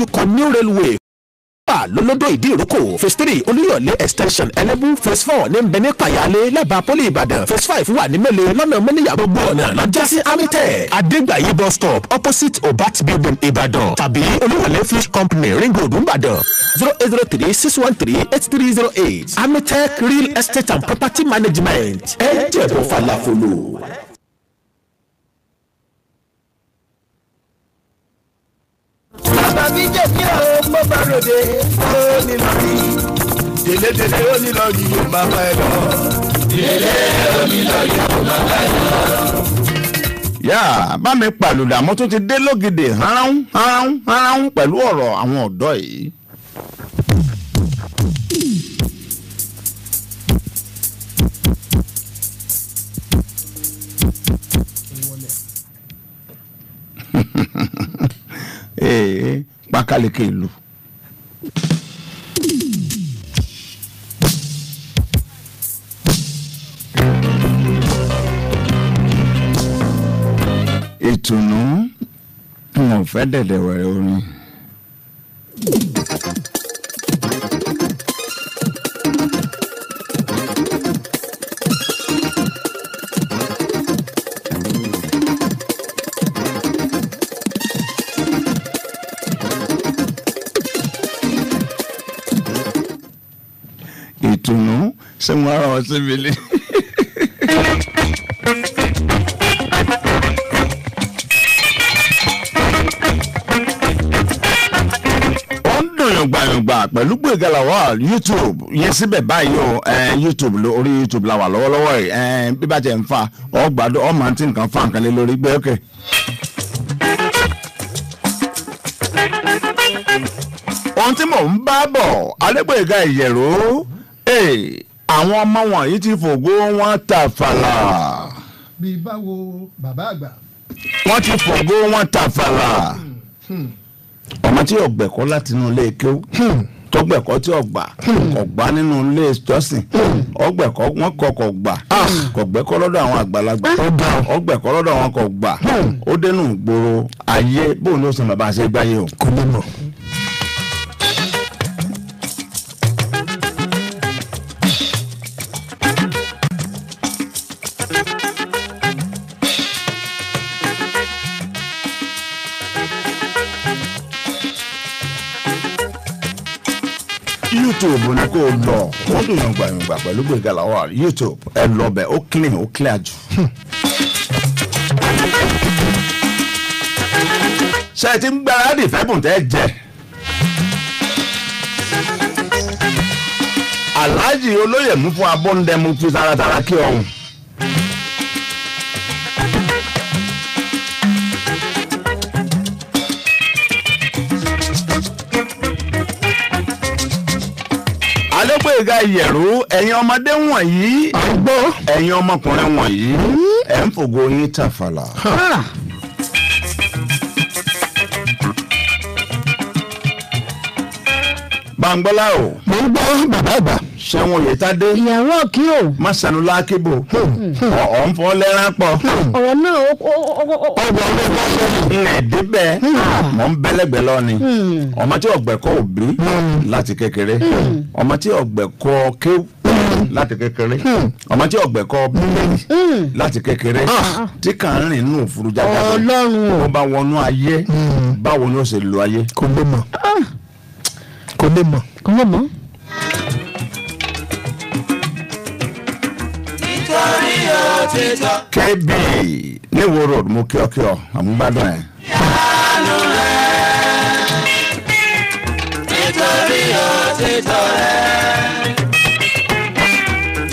lójúkọ new railway wà lólódó ìdí ìrókò phase three olúyọ̀lé extension ẹlẹ́bù phase four ní nbẹ̀ní pàyàlé lẹ́bàá poli ìbàdàn phase five wà ní mẹ́lẹ̀ lọ́nà mọ́níyà gbogbo ọ̀nà lọ́jà sí amitẹ̀ adégbàyí bus stop opposite obat building ìbàdàn tàbí olúyọ̀lé fish company ring road ìbàdàn zero eight zero three six one three eight three zero eight amitech real estate and property management ẹ jẹ́ bó falafolo. bàbá mi jẹ́ kí àwọn ọmọ bá ròde ó ní lọ́rí. Dèlédèlé ó ní lọ́rí yóò máa bá ẹ lọ. Dèlé ó ní lọ́rí yóò máa bá ẹ lọ yá bá mi pàlùdà mo tún ti dé lógìdè hánrán hánrán hánrán pẹ̀lú ọ̀rọ̀ àwọn ọ̀dọ́ yìí. Eh, pákáleke ìlú. ìtùnú wọn fẹ́ dẹ̀dẹ̀ wẹ̀rẹ̀ orin. ṣé mo rán ọ síbi lé. gbàyàngbà pẹ̀lú gbẹ̀gàlà wa youtube yẹn síbẹ̀ báyìí o youtube orí youtube la wà lọ́wọ́lọ́wọ́ yìí bí bá jẹ́ ń fa ọgbàdo ọmọ àti nǹkan fa nǹkan lé lórí gbé ọkẹ́. ohun tí mò ń bá bọ̀ Adégbóyèga Ìyẹ̀rò àwọn ọmọ wọ̀nyí ti fògo wọn tàfàlà. bí báwo bàbá àgbà. wọ́n ti fògo wọn tàfàlà. Hmm. ọmọ tí yóò gbẹ̀kọ́ láti inú ilé kéwú hmm. tó gbẹ̀kọ́ tí ò gbà hmm. kò gbà nínú ilé ìjọsìn ọgbẹ̀kọ́ wọn kọ kò gbà ah. kò gbẹ́kọ́ lọ́dọ̀ àwọn àgbàlagbà ọgbẹ̀kọ́ ah. lọ́dọ̀ àwọn kò gbà ó dénú gbòòrò ayé bóun ló sọ bàbá àṣẹ gbáyé o. kò ní mọ̀. youtube ni kò lọ wọ́n dùn yàn gbàyàngbà pẹ̀lú Gbénga Lawal youtube ẹ lọ be ó clean ó clear jù. ṣe ti ń gbáradì fẹ́bùn jẹ. Alhaji olóyè mú fún abọ́ndẹ́mu fi taratara kí ọ̀hún. Gbénga Ìyẹ̀rú ẹ̀yin ọmọdé wọ̀nyí ẹ̀yin ọmọkùnrin wọ̀nyí ẹ̀ ń fògo yín tàfàlà. Bangbọ́lá o. Mo ń gbọ́ bàbá àgbà sẹ́wọ̀n yẹtadé. ìyàwó kí o. masanu lakibo. Hmm. ọ̀ ń fọ lẹ́rán pọ̀. Hmm. ọ̀rọ̀ náà ó. ọgbà ọgbà ọgbà ọgbà. ǹ débẹ̀ mọ̀ hmm. ń bẹ́lẹ̀gbẹ́ lọ́ni. ọmọ tí ọ̀gbẹ́ kọ́ òbí láti kékeré. ọmọ tí ọ̀gbẹ́ kọ́ kéwù láti kékeré ọmọ tí ọgbẹ kọ bíbélì láti kékeré ah. tí kàn ń rìn nù òfurufú jáde Ọlọ́run o bá wọnú ayé báwo ni ó ṣe lo ayé. kò lè mọ̀ ah. kò lè mọ̀. kò lè mọ̀. kb ní wo road mo kí ọ kí ọ àmúgbádùn ẹ. yánú rẹ nítorí òtítọ́ rẹ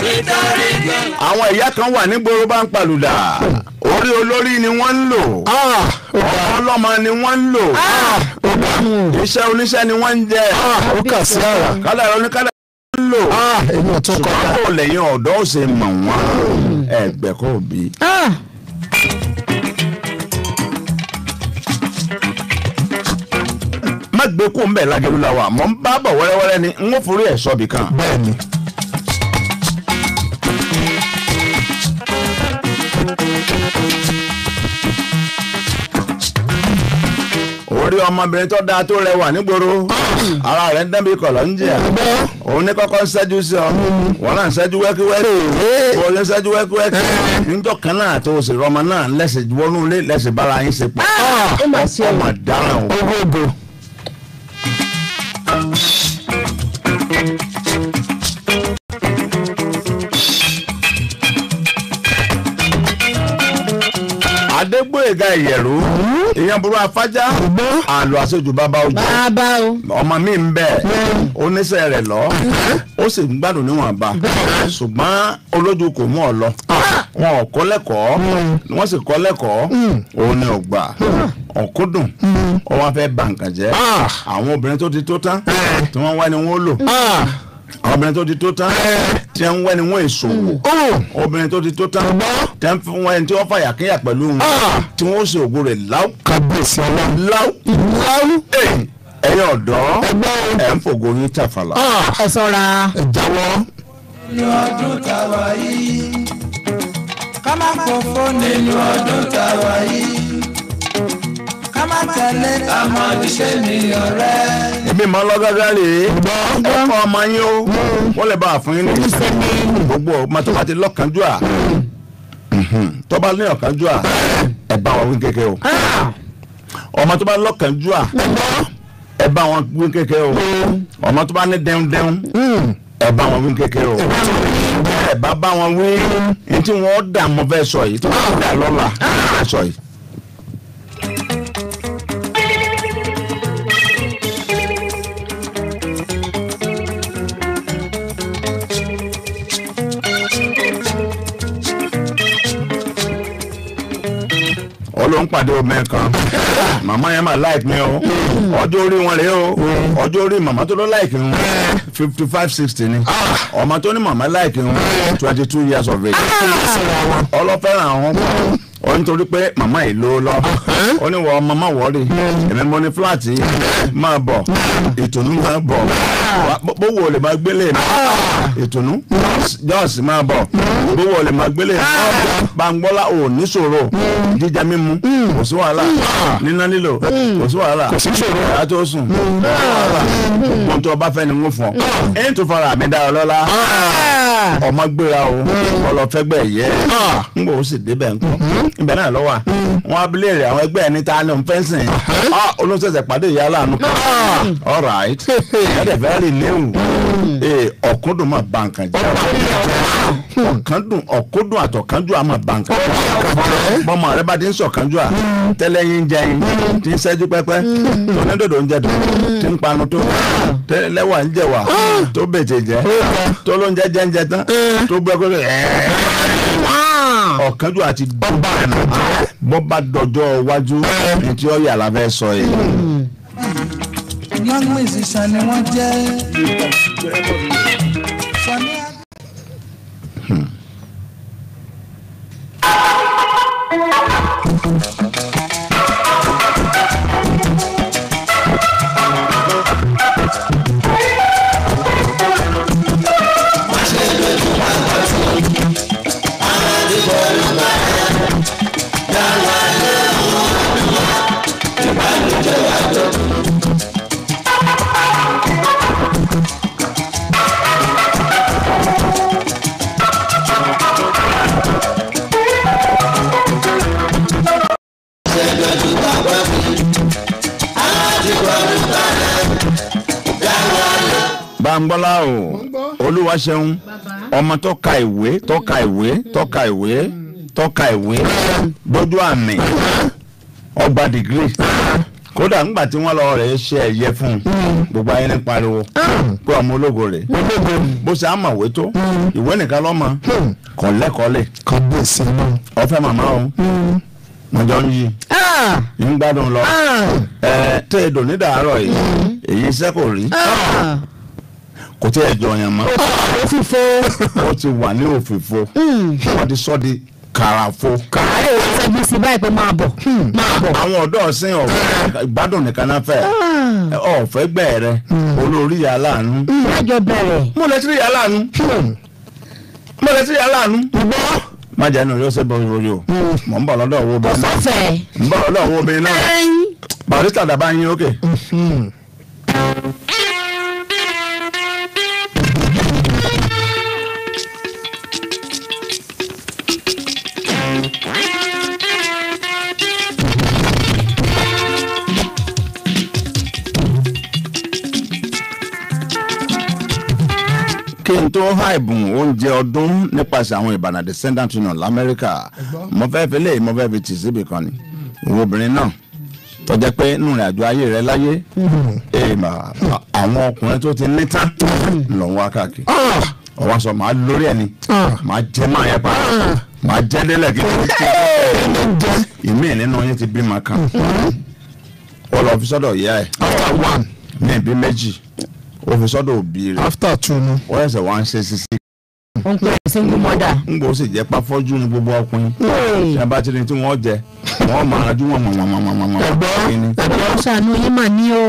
nítorí gbẹ. àwọn ẹ̀yà kan wà nígboro bá ń palùdà orí olórí ni wọ́n ń lò ah, ọ̀pọ̀ ọlọ́mọ ni wọ́n ń lò ah, iṣẹ́ oníṣẹ́ ni wọ́n ń jẹ ah, kádàrá oníkádàrá ń lò èmi ò lẹ́yìn ọ̀dọ́ ṣe mọ̀ wọ́n ẹgbẹ́kọ̀ òbí. Ah! má gbé kó ń bẹ̀ lágẹ̀lúlà wa mọ̀ ń bá bọ̀ wẹ́rẹ́wẹ́rẹ́ ni n ó forí ẹ̀ sọ́bì kan. bẹ́ẹ̀ni. thank you orí ọmọbìnrin tó dáa tó rẹwà nígboro ara rẹ̀ ń dẹ́bi kọ̀lọ́ ń òun ní kọ́kọ́ ṣẹ́jú sí ọ wọn náà ṣẹ́jú wẹ́kíwẹ́kí òun ń ṣẹ́jú wẹ́kíwẹ́kí níjọ́ kan náà tó o sì rọmọ náà lẹ́sẹ̀ wọnú ilé lẹ́sẹ̀ bára yín ṣe pọ̀ ọmọ dáràn o. adégbòyega ìyẹ̀rú ìyẹn burú afájá àlọ́ àṣejù bàbá ojú ọmọ mi ń bẹ̀ oníṣẹ́ rẹ̀ lọ ó sì ń gbádùn níwọ̀nba ṣùgbọ́n olójú kò mú ọ lọ ah. wọn ò kọ́ lẹ́kọ̀ọ́ hmm. wọ́n sì kọ́ lẹ́kọ̀ọ́ hmm. òun ni ò gbà hmm. ọ̀kúndùn ó wá fẹ́ bà jẹ́ ah. àwọn obìnrin tó ti tó tán tí wọ́n wá ni wọ́n lò. Ah obìnrin tó ti tó tán tí ń wẹ́ni wọ́n èso wò mm. oh. obìnrin tó ti tó tán tí ń fi wọ́n ẹni tí wọ́n fàyà kínyà pẹ̀lú wọn ah. tí wọ́n ṣe ògo rẹ̀ láwù. kàbíyèsí ọlá láwù. láwù eh, ẹ̀yin ọ̀dọ́ ẹ̀ ń fògo yín tàfàlà. Ah. ẹ ṣọ́ra ẹ jáwọ́. nínú ọdún tá a wà yìí ká má pọ̀ fọ́ nínú ọdún tá a wà yìí ká má tẹ̀lé ká má jíṣẹ́ ní ọ̀rẹ́. èmi mọ lọ́gágá rèé ẹ̀kọ́ ọmọ yín o wọ́n lè bá a fún yín ní gbogbo ọmọ tó bá ti lọ́kànjúà tó bá ní ọ̀kànjúà ẹ̀ bá wọn wí kéke o ọmọ tó bá lọ́kànjúà ẹ bá wọn wí kéke o ọmọ tó bá ní dẹ́ndẹ́n hmm. ẹ bá wọn wí kéke o ẹ bá bá wọn wí hmm. ní tí wọ́n dà mọ́ fẹ́ sọ yìí tí wọ́n dà lọ́la fẹ́ sọ yìí. ló ń pàdé obìnrin kan màmá yẹn mà like mi o ọjọ́ orí wọn rèé o ọjọ́ orí màmá tó ló like n fifty five sixty ni ọmọ tó ní màmá like twenty years of age ọlọ́fẹ́ràn àwọn kan pé màmá yìí ló lọ ó ní wọ ọmọ èmi mo ní fúláàtì máa bọ̀ bówó lè máa gbélé ah! ìtùnú mm-hmm. jọ́ọ̀sì máa bọ̀ bówó lè máa gbélé bangbọ́lá ò ní mm-hmm. jíjà mímu mm-hmm. kò sí wàhálà níná lílo kò sí wàhálà kò sùn wàhálà tó bá fẹ́ ni mo fọ̀ ẹ̀yìn tó fara mi dára lọ́la ah! ọmọ gbéra o ọlọ́fẹ́gbẹ́ yẹ ń ah! bò ó sì débẹ̀ ńkọ́ ibẹ̀ náà lọ́wọ́ wọn abilé rẹ̀ àwọn ẹgbẹ́ ẹni ta ni òun fẹ́ sìn uh-huh. pàdé ìyá aláàánú kan all ẹ̀ẹ́dẹ̀ fẹ́ẹ́ rí eléhùn mm. eh, ọ̀kúndùn máa ba nǹkan jẹ́ ọ̀kúndùn ọ̀kúndùn àtọ̀kánjú àmà ba nǹkan jẹ́ bọ́mọ rẹ bá ti ń sọ̀kánjú à mm. tẹ́lẹ̀ yín jẹ́ yín mm. ti ń sẹ́jú pẹ́pẹ́ tọ́nẹ́dòdò ń jẹ tó ti ń panu tó tẹ́lẹ̀wà ń jẹ wà tó bèjè jẹ́ tó ló ń jẹ́ jẹ́ ń jẹ tán tó gbẹ́ kó ọ̀kánjú àti bọ́bá dọjọ́ iwájú ní tí ó yà lábẹ́ sọ musician ni wọ́n jẹ́. Hmm. gbọ́lá o olúwa ṣeun ọmọ tó ka ìwé tó ka ìwé tó ka ìwé tó ka ìwé dójú àmì ọgbà dìgírì kódà ńgbà tí wọ́n lọ rẹ̀ ṣe ẹ̀yẹ fún un gbogbo ayé ní pariwo pé ọmọ ológo rẹ̀ bó ṣe àmọ̀wé tó ìwé nìkan lọ́mọ kọ̀lẹ́kọ̀lẹ́ ọ̀fẹ́ màmá o mo jọ ń yí ah! ń gbádùn lọ ah! ẹ tẹ́ ẹ dò ní yìí mm. èyí iṣẹ́ kò rí ah! kò tí ẹ jọ yẹn mọ́. òfìfo. o ti wà ní òfìfo. Hmm. wọ́n ti sọ di kàràfo. kàràfo ṣẹ́gun sí báyìí pé máa bọ̀. Hmm. máa bọ̀. àwọn ọ̀dọ́ ọ̀fẹ́ ìgbádùn nìkan náà fẹ́ ọ̀fẹ́ ah. gbẹ̀rẹ̀ hmm. olórí ìyá ìyájọ bẹ̀rẹ̀. mo lè ti mo lè Akinto ẹ̀bùn oúnjẹ ọdún nípasẹ̀ àwọn Ìbàdàn Descendant Union l'Amẹ́ríkà mo fẹ́ fi lè mo fẹ́ fi tì síbi kan ni obìnrin náà tó pé nínú ìrìn àjò ayé rẹ láyé eh, àwọn ọkùnrin tó ti ní tán lọ wá káàkiri ọwọ́ ah! sọ màá lórí ẹni ah! màá jẹ́ máa yẹ pa ah! màá jẹ́ délẹ̀ kí n tó ìmí nínú yín ti bímọ kan mm-hmm. ó lọ fi sọ́dọ̀ ìyá ẹ̀ mi bí méjì. òfìsọ́ dò bìrì. after two ni. ó yẹsẹ̀ wá ń ṣe sisi. ń pè é single mother. ń bò ó sì jẹ́ pàfọ́jú ní gbogbo ọkùnrin. ṣé bá ti tí wọ́n jẹ wọ́n máa rájú wọn mọ̀ mọ̀ mọ̀ mọ̀. ṣàánú yín mà ní o.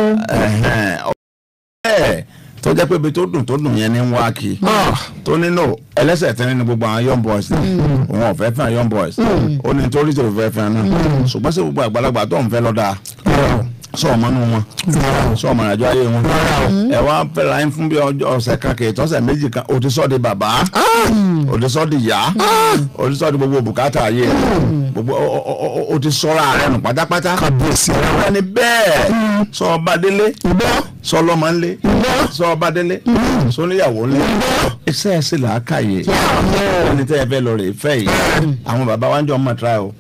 sọọmọ nu wọn sọọmọ ìrìnàjò ayé wọn ẹ wá fẹlẹ ayé fún bí ọ̀sẹ̀ kan kì í tọ́sẹ̀ méjì kan ó ti sọ di bàbá ó ah! ti sọ di ìyá ó ah! ti sọ di gbogbo bùkátà ayé hmm. gbogbo ó ti sọra rẹ nù pátápátá kàbíyèsí rẹ ni bẹ́ẹ̀ hmm. sọ ọba délé sọ lọ́mọ ńlẹ̀ sọ ọba délé sọ níyàwó ńlẹ iṣẹ́ ẹ̀ sì là á kàyè ẹni tẹ́ ẹ fẹ́ lọ rè é fẹ́ yìí àwọn bàbá wa ń jọ ọmọ tíra o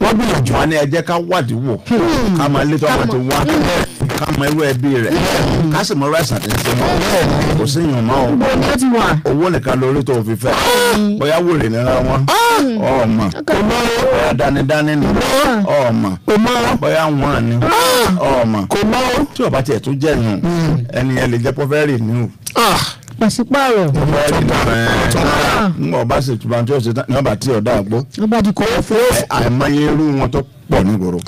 wọ́n ní ẹ jẹ́ ká wádìí wò ká máa lé tó àwọn ti wá mọ irú ẹbí rẹ ká sì mọ irú àìsàn tí ń ṣe wọn kò sí ìyàn mọ o owó nìkan lórí tó fi fẹ bóyá wòlé nira wọn ọmọ bóyá dánidání ni ọmọ bóyá wọn ni ọmọ tí o bá tiẹ̀ tún jẹ́ nù ẹni ẹ lè jẹ́ pọ́fẹ́rì ni o pàṣípààrọ̀. n ọba ṣe tuba tí o ṣe tán ní ọba tí ọ̀dà àgbo. ọba di kò fún. àìmọye irú wọn tó pọ̀ nígboro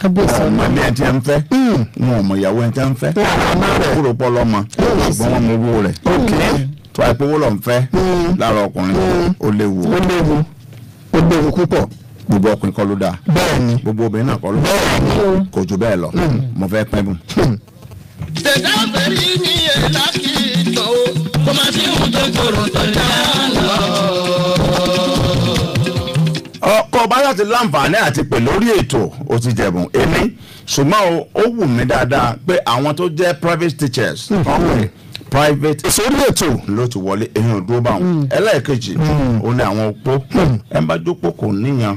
kábíyèsí ọ̀nà mọ̀lẹ́ ẹ̀ tí ẹ̀ ń fẹ́ wọn ò ìyàwó ẹ̀ tí ẹ̀ ń kúrò pọ̀ lọ́mọ ṣùgbọ́n wọn mọ owó rẹ̀ tó ìpowó lọ́n fẹ́ hmm. lára ọkùnrin hmm. ó léwu ó léwu ó léwu púpọ̀ gbogbo ọkùnrin kọ́ ló dáa bẹ́ẹ̀ni gbogbo obìnrin náà kọ́ ló dáa kò jù bẹ́ẹ̀ lọ hmm. mo fẹ́ pẹ́ bùn. ṣèdá bẹ̀rẹ̀ ní èlà kì tọ́ o kó má sí ohun tó kọ̀rọ̀ tó lọ ọkọ báyọ̀ ti láǹfààní àti pè lórí ètò ó ti jẹ̀bùn èmi ṣùgbọ́n ó wù mí dáadáa pé àwọn tó jẹ́ private teachers hmm. ọkùnrin private ìsórí ètò ló ti wọlé èyàn dúró bá wọn hmm. ẹlẹ́ẹ̀kejì hmm. ó ní àwọn opó ẹ̀ ń bá jókòó kò níyan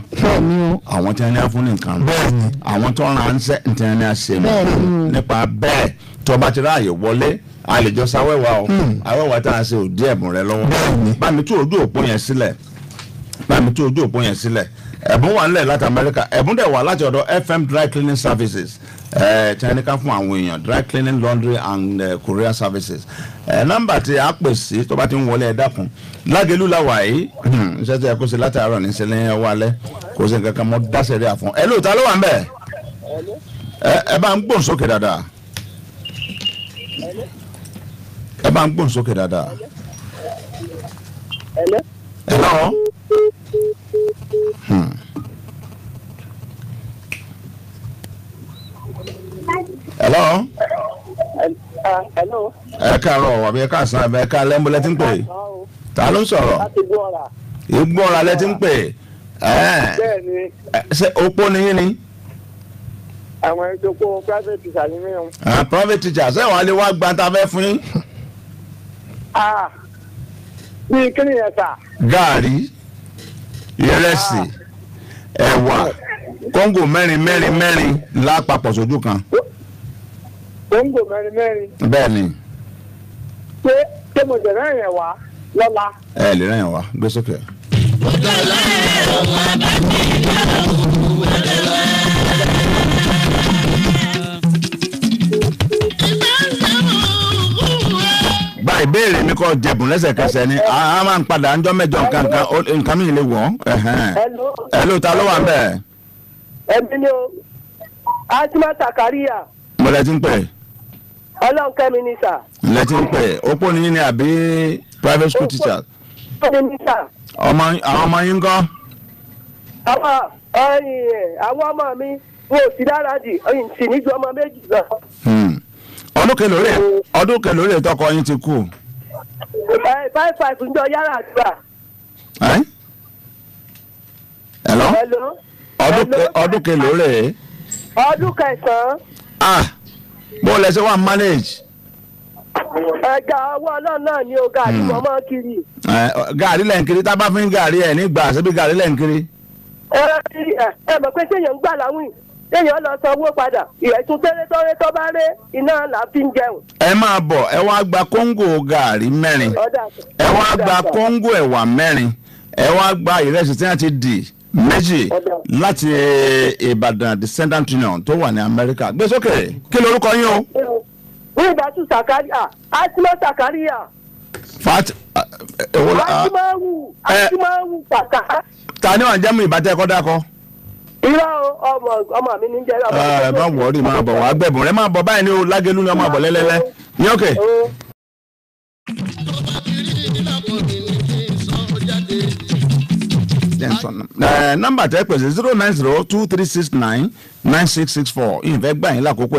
àwọn tí wọ́n ní afúnni nǹkan àwọn tó ń ránṣẹ́ tí wọ́n ní àṣemọ́ nípa bẹ́ẹ̀ tó bá ti ráàyè wọlé a lè sáwẹ́wà o àwẹ́wà tá a ṣe òdì ẹ̀bùn rẹ lọ́wọ́ bá mi tú ojú òpó yẹn sílẹ̀ láàmì tí ojú òpó yẹn sílẹ̀ ẹ̀bùn wà nílẹ̀ láti Amẹ́ríkà ẹ̀bùn dẹ̀ wà láti ọ̀dọ̀ FM dry cleaning services ẹ̀ fún àwọn èèyàn dry cleaning laundry and eh, courier services ẹ̀ nọ́mbà tí a pè sí tó bá ti ń wọlé ẹ̀ dákun Lágelú yìí kó láti àárọ̀ ní ẹ̀ wà kó mọ́ dáṣẹ́ rí àfọ̀n Hmm. hello. Uh, uh, hello. ẹ káàárọ̀ àbí ẹ káàsán àbí ẹ ká lẹ́mbó lẹ́tí ń pè é ta ló ń sọ̀rọ̀ ìgbọ́ra lẹ́tí ń pè é ṣe opó ni yín ni. àwọn ẹjọ́ kó private teacher ni mí o. private teacher ṣé wàá lè wá gbàtà fẹ́ fún yín. bí ah. kíni yẹn sà. gaari ìrẹsì ẹ̀wà kóńgò mẹ́rin mẹ́rin mẹ́rin lápapọ̀ sójú kan. kóńgò mẹ́rin mẹ́rin. bẹ́ẹ̀ni. ṣé ṣé mo jẹ̀ náà yẹn wá lọ́la. ẹ lè ràn yẹn gbé sókè. ọ̀gá ọlọ́run ọmọ bàbá ìlà òkú ẹ̀rọ. ìbéèrè mi kọ́ jẹ̀bùn lẹ́sẹ̀kẹsẹ̀ ni a máa ń padà ń jọ́ mẹ́jọ nǹkan nǹkan mi lè wọ̀n. hello ta ló wà ń bẹ̀. èmi ni o asima sakaria. mo lẹ ti ń pè. ọlọ́run kẹ́mi ni sà. lẹ ti ń pè opó ni yín ni àbí private school teacher. opó ni mi sà. ọmọ àwọn ọmọ yín kọ́. àwọn ọmọ mi wo sí dáradì sì níjọ ọmọ méjì lọ. Hmm. ọdún kelóore ọdún tọkọ yín ti kú. five five ń jọ yàrá àdúrà. ọdún ọdún kẹsàn-án. ah bó lẹ ṣe wà manage. ẹ̀ka ọwọ́ ọlọ́run náà ni o hmm. mọ́ mọ́ kiri. tá a bá fi ń ẹ̀ nígbà kéèyàn lọ san owó padà ìyẹ̀sùn tẹ́lẹ́tọ́rẹ́ tó bá iná fi ń jẹun. ẹ máa bọ̀ ẹ wá gba kóńgò gàárì mẹ́rin ẹ wá gba kóńgò ẹ̀wà mẹ́rin ẹ wá gba ìrẹsì tí wọ́n ti dì méjì láti e, Ìbàdàn Union tó wà ní Amẹ́ríkà gbé sókè kí lorúkọ yín o. Sàkáríà Sàkáríà. fat ewola. E, e, ta ni wàá jẹ́ mu ìbátẹ́ kọ́ dákọ́. irọ́ ọmọ mi ní jẹ́rọ. ẹ ah, má wọrí máa bọ̀ wá gbẹ̀bùn rẹ máa bọ̀ báyìí o lágẹ̀lú ni ọmọ àbọ̀ lẹ́lẹ́lẹ́ ní òkè. Eh, nọ́mbà tẹ pèsè zero nine zero two three six nine nine six six four ìfẹ́ gbà yín lákòókò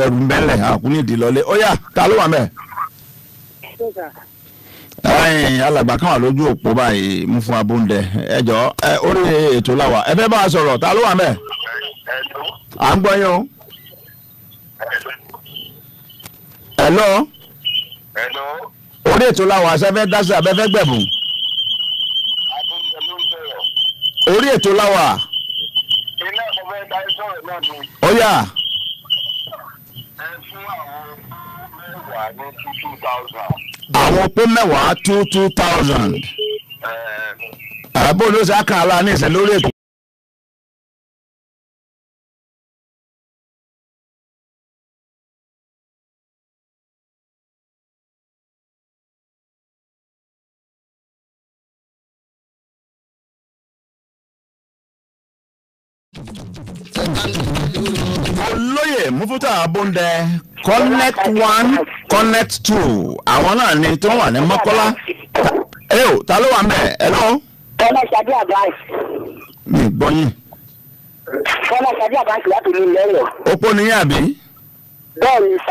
alàgbà wà lójú òpó báyìí mú fún abúndẹ ẹ jọ ẹ orí ètò làwà ẹ fẹ́ bá a sọ̀rọ̀ ta ló wà mẹ́. à ń gbọ́ yín o. hello. orí ètò làwà sẹ́fẹ́ abẹ́fẹ́ gbẹ̀bùn. orí ètò làwà. ní two thousand. àwọn opó mẹ́wàá two two thousand. àbó ló sá kan ala ní ìsẹ̀ lórí ètò. olóyè mufuta Abunde. connect one. connect to àwọn náà ni tí wà ní mọ́kọ́lá ẹ̀yọ́ ta ló wà mẹ́ ẹ̀ lọ. fọlá ṣadé advance. mi gbọ́ yín. fọlá láti opó bọ̀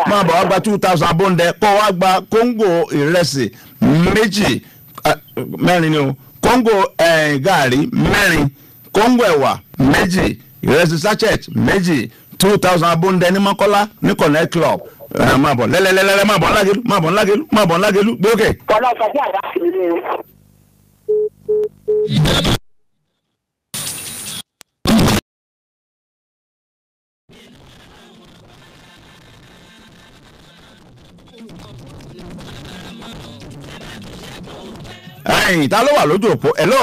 wá gba two thousand abóńdẹ kó wá gba kóńgò ìrẹsì méjì mẹ́rin ni o kóńgò sachet méjì two thousand ní club. Eh, máa bọ̀ lẹ́lẹ́lẹ́lẹ́ máa bọ̀ ńlágelu máa bọ̀ ńlágelu máa bọ̀ ńlágelu gbé òkè. kọ́lá sọ fún àdá sí ilé o. ẹ̀yin ta ló wà lójú òpó ẹ lọ.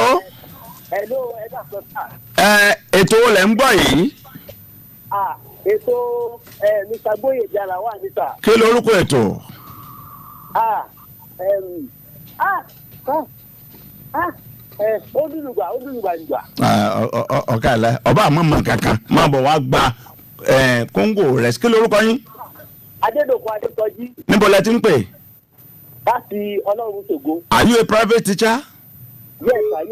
ẹ lọ ẹ dà sọ sáà. ẹ eh, ètò olè ń gbọ́ yìí. ètò mr gbóyèjà là wà níta. kí lorúkọ ètò. A! odùlùgbà odùlùgbà nìgbà. ọ̀ka ẹ̀ la ọba àmọ́ mọ̀ kankan máa bọ̀ wá gba kóńgò rẹ̀ kí lorúkọ yín. adédọ̀kọ̀ adékọ̀jí. níbo lẹ ti ń pè. láti ọlọ́run ṣògo. are you a private teacher. yes sir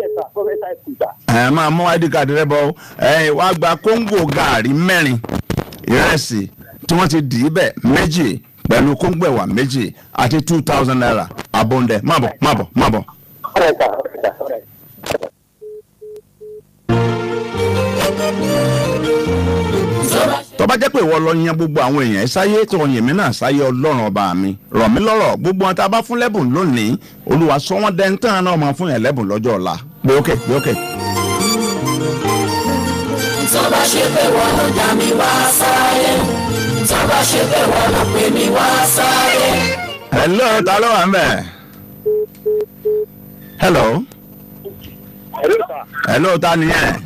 yes id card rẹ bọ ẹ gba kóńgò gaari mẹ́rin ìrẹsì tí ti dì í bẹ̀ méjì pẹ̀lú kóńgò méjì àti two thousand naira abóńdẹ má bọ má bọ tó bá jẹ́ pé ìwọ lọ yan gbogbo àwọn èèyàn ẹ tó yàn mí náà sáyé ọlọ́run ọba mi rọ̀ mí lọ́rọ̀ gbogbo wọn tá a bá fún lẹ́bùn lónìí olúwa sọ dẹ́ntàn náà máa fún yàn lẹ́bùn lọ́jọ́ ọ̀la gbé òkè gbé òkè. tó bá ṣe pé wọ́n ló dá mi wá sáyé tó bá ṣe pé wọ́n ló pè mí wá sáyé. hello ta ló wà ń bẹ̀. hello. hello ta ni yẹn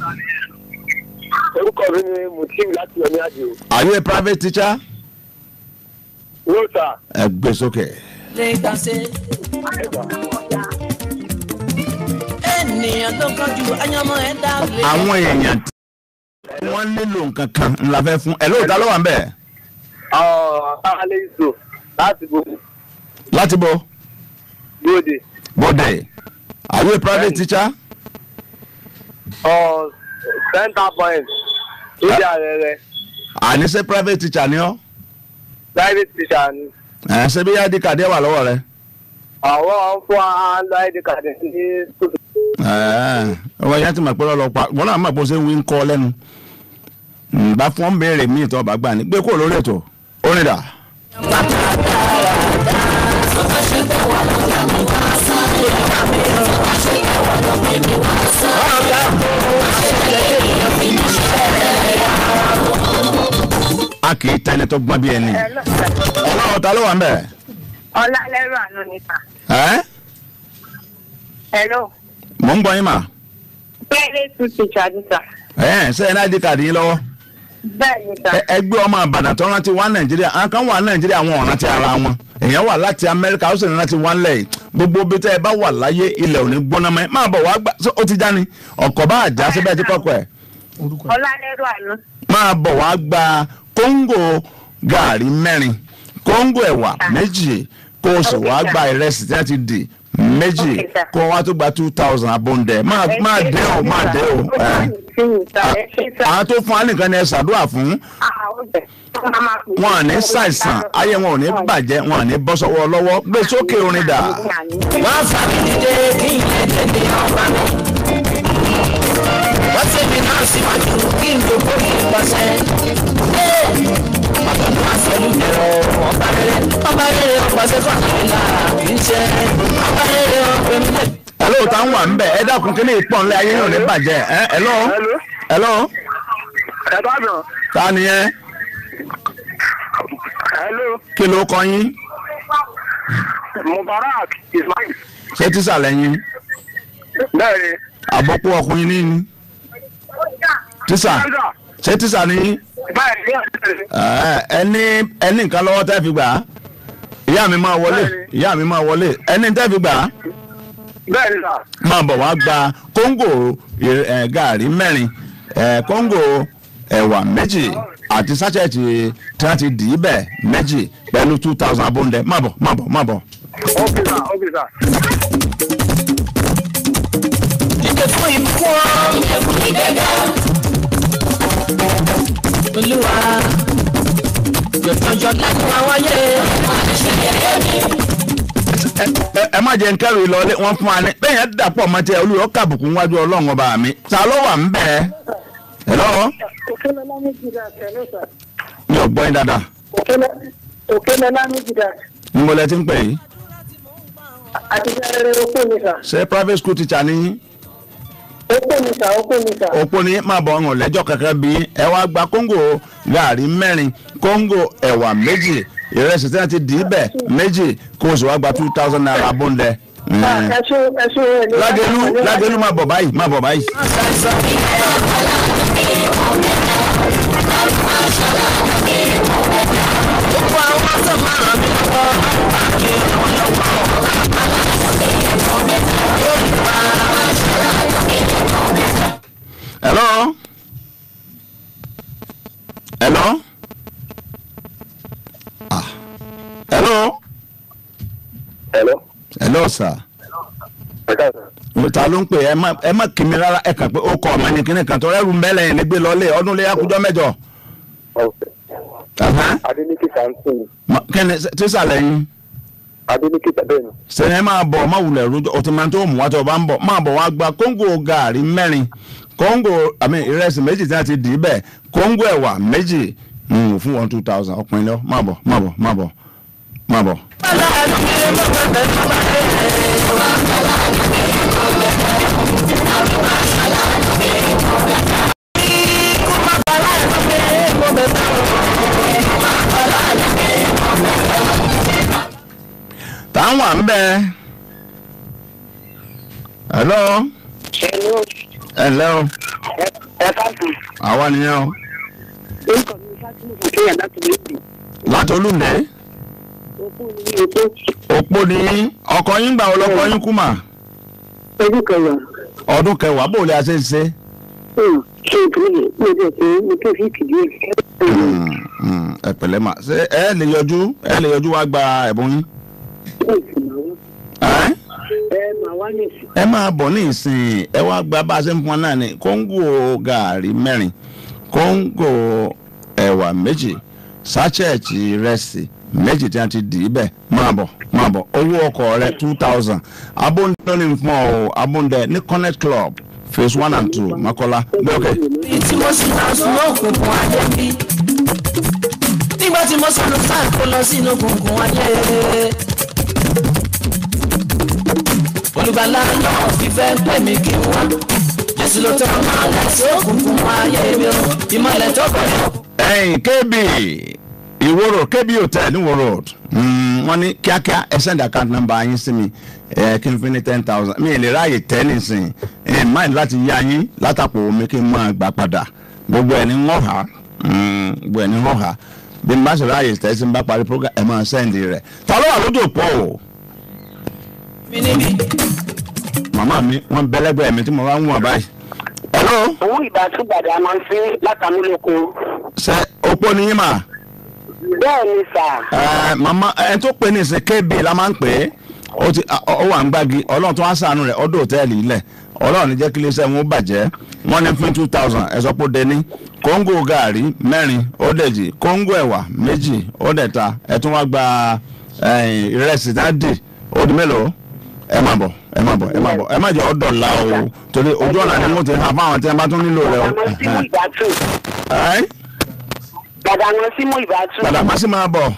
orúkọ mi ni mutim láti ọ̀ní àjò. are you a private teacher. no sir. ẹ gbé sókè. ènìyàn tó kọjú ayọmọ ẹ dá lé. àwọn èèyàn tí wọ́n nílò nǹkan kan ńlá fẹ́ fún ẹ lóòótọ́ ló wà ń bẹ̀. alẹ́ ìṣó láti bò. láti bò. bóde. bóde. are you a private teacher. Uh, center point níbi àrẹrẹ. àní ṣe private teacher ni ọ. private teacher ni. ẹ eh, ṣe bí id card wà lọ́wọ́ rẹ. àwọn wa id card ní school. Eh, ọwọ́ ìyá ti mọ̀ pé ọlọ́pàá wọn náà mọ̀ pé ó ṣe ń wí ń kọ́ lẹ́nu. Hmm, bá fún béèrè míì tó bá gbà ní pé lórí ètò ó rìn dà. a kì í tẹni tó gbọ́n bí ẹni. ta ló wà ń bẹ̀. ọlá lẹ́rù àánú nípa. ẹ́. hello. mò ń gbọ́ yín ẹ náà di kàdí yín lọ́wọ́. bẹ́ẹ̀ni ẹgbẹ́ ọmọ àbàdàn tó rántí wá nàìjíríà àwọn kan wà nàìjíríà ara wọn èèyàn wà láti amẹ́ríkà ó sì wá ńlẹ̀ gbogbo bí tẹ́ ẹ bá wà láyé ilẹ̀ òní gbóná máa bọ̀ wá ó ti já ni bá àjà síbẹ̀ kọ́kọ́ ẹ̀. ọlá kóńgò gàárì mẹ́rin kóńgò ẹ̀wà ah. méjì kó o sì wá gba ìrẹsì tí wọ́n ti dì méjì kó wá tó gba two thousand abóńdẹ máa dẹ o máa dẹ o eh. ah, àwọn tó fún wa nìkan ni ẹ ṣàdúrà fún ah, wọn à ní ṣàìsàn ayé wọn ò ní bàjẹ́ wọn à ní bọ́ sọ́wọ́ lọ́wọ́ gbé sókè orin dà. wọ́n fà mí dìde kí n lè tètè mi wọ́n náà kí n ọ̀tọ̀dún àṣẹlùjẹ ọba rere ọba rere ọba ṣẹkọ̀ọ́nìlà kì í ṣe ọba rere ọba mílẹ̀. hello tá ń wà ń bẹ ẹ dákun kí ní ìpọ́n lé ayé yóò ní bàjẹ́ ẹ hello hello. ẹ̀ka àgbọ̀n. ta ni ẹ. hello. kí ló kọ yín. Mubarak Ismail. ṣé tíṣà lẹ́yìn. bẹ́ẹ̀ ni. àbọ̀pọ̀ ọkùnrin ní ni. tíṣà. tíṣà ṣé tíṣà ni ẹni ẹni nǹkan lọ́wọ́ tẹ́ fi gbà á ìyá mi máa wọlé ìyá mi máa wọlé ẹni tẹ́ fi gbà á máa bọ̀ wá gba kóńgò gàárì mẹ́rin kóńgò ẹ̀wà méjì àti sáṣẹ́ẹ̀tì tí wọ́n ti dì í bẹ̀ méjì pẹ̀lú two thousand abóńdẹ máa bọ̀ máa bọ̀ máa bọ̀. Okay sir, okay sir. Ìjọba ìfún ọ̀rọ̀ ìjọba olúwa yọ̀tọ̀yọ̀ láti wá wáyé ṣẹlẹ̀ mi. ẹ má jẹ nkẹrù ìlọlé wọn fún wa ní bẹyẹn dàpọ̀ mọ́tẹ́ olùyọ kàbùkù wájú ọlọ́run ọba mi ta ló wà ń bẹ́ẹ̀. ẹ lọ́wọ́. mi ò gbọ́ yín dáadáa. òkèlélá méjì dà. ń bọ́lẹ̀ tí ń pè yín. àtijọ́ rẹ̀ okòó mi sà. ṣé private school teacher ni yín. òpó ní màbọ̀ ọ̀hún lẹ́jọ́ kankan bí gba kóńgò gàárì mẹ́rin kóńgò ẹ̀wà méjì ìrẹsì tí wọ́n ti dì í méjì kó o sì wá gba two thousand naira bóńdẹ. Hmm. Ah, má báyìí má báyìí. ló ń pè ẹ má rárá ẹ kàn pé ó kọ ọmọ ní kan tó rẹ́rù mẹ́lẹ̀ yẹn nígbè lọ́lé ọdún lé akújọ́ mẹ́jọ. Adéníkì Samson. kíni tísà lẹ́yìn. Adéníkì bẹ́ẹ̀ ni. sẹ́yìn máa bọ̀ wulẹ̀ máa tó mú tó bá ń bọ̀ máa bọ̀ wá gba kóńgò mẹ́rin kóńgò ìrẹsì méjì tí a ti dì í kóńgò táwọn à ń bẹ. hello. hello. hello. nìyẹn o. ni ni ọkọ yín gbà ọlọkọ yín kú mà. ọdún kẹwàá. ṣe ṣé ìdílé ló dẹ̀ pé mo tó fi fìdí ẹ̀. ẹ pẹ̀lẹ́ mà ṣé ẹ lè yọjú ẹ lè yọjú wá gba ẹ̀bùn yín. ẹ máa bọ̀ ní ìsìn ẹ wá gba bá a ṣe ń fún wa náà ní kóńgò gàárì mẹ́rin kóńgò ẹ̀wà méjì sáṣẹ́ẹ̀tì rẹsì méjì tí a ti dì í bẹ̀ máa bọ̀ máa bọ̀ owó ọkọ̀ rẹ̀ two thousand abóńdé ní fún ọ abóńdé ní connect club phase one and two makola mẹ́ọ̀kẹ́. tí mo sì máa sun òkùnkùn ayé mi nígbà tí mo sọnù sáà kó lọ sínú òkùnkùn ayé. olùgbàlà náà fífẹ́ pè mí kí n wá jésù ló tọ́ máa lẹ̀ òkùnkùn ayé mi ìmọ̀lẹ̀ tó kọ̀ yọ. kébì. iworo Road KB Hotel Road hmm, wọ́n kíákíá ẹ send account number yín sí mi kí n fi ní ten thousand mi lè ráàyè tẹ́ nísìn láti látàpọ̀ omi kí n máa gbà padà gbogbo hmm, gbogbo bí n bá ráàyè tẹ́ sí n bá parí program máa send ta ló wà lójú òpó o. mi ni bẹ́ẹ̀ni sà. mama ẹ tó pe ní ìsìn kébì la máa ń pè é ó wà ń gbági ọlọ́run tó wá sànù rẹ̀ ọdún òtẹ́ẹ̀lì ilẹ̀ ọlọ́run jẹ́ kí iléeṣẹ́ wọn bàjẹ́ wọ́n ní fún two thousand ẹ̀sọ́ kóńgò mẹ́rin ó dẹ̀jì kóńgò gba ìrẹsì tá a mélòó ẹ máa bọ̀ ẹ máa bọ̀ ẹ máa bọ̀ ni mo ti hàn fún bàdà wọn sí mú ìbátú. bàdà má sì máa bọ̀.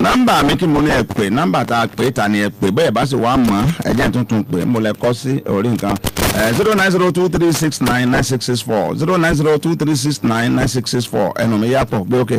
nọ́mbà mi kí mo ní ẹ pè nọ́mbà tá a pè ta ni ẹ pè bẹ́ẹ̀ bá sì wá mọ̀ ẹ tuntun pè mo lè kọ sí orí nǹkan zero nine zero two three six nine nine six six four zero nine zero two three six nine nine six six four ẹnu mi yàtọ̀ gbé òkè.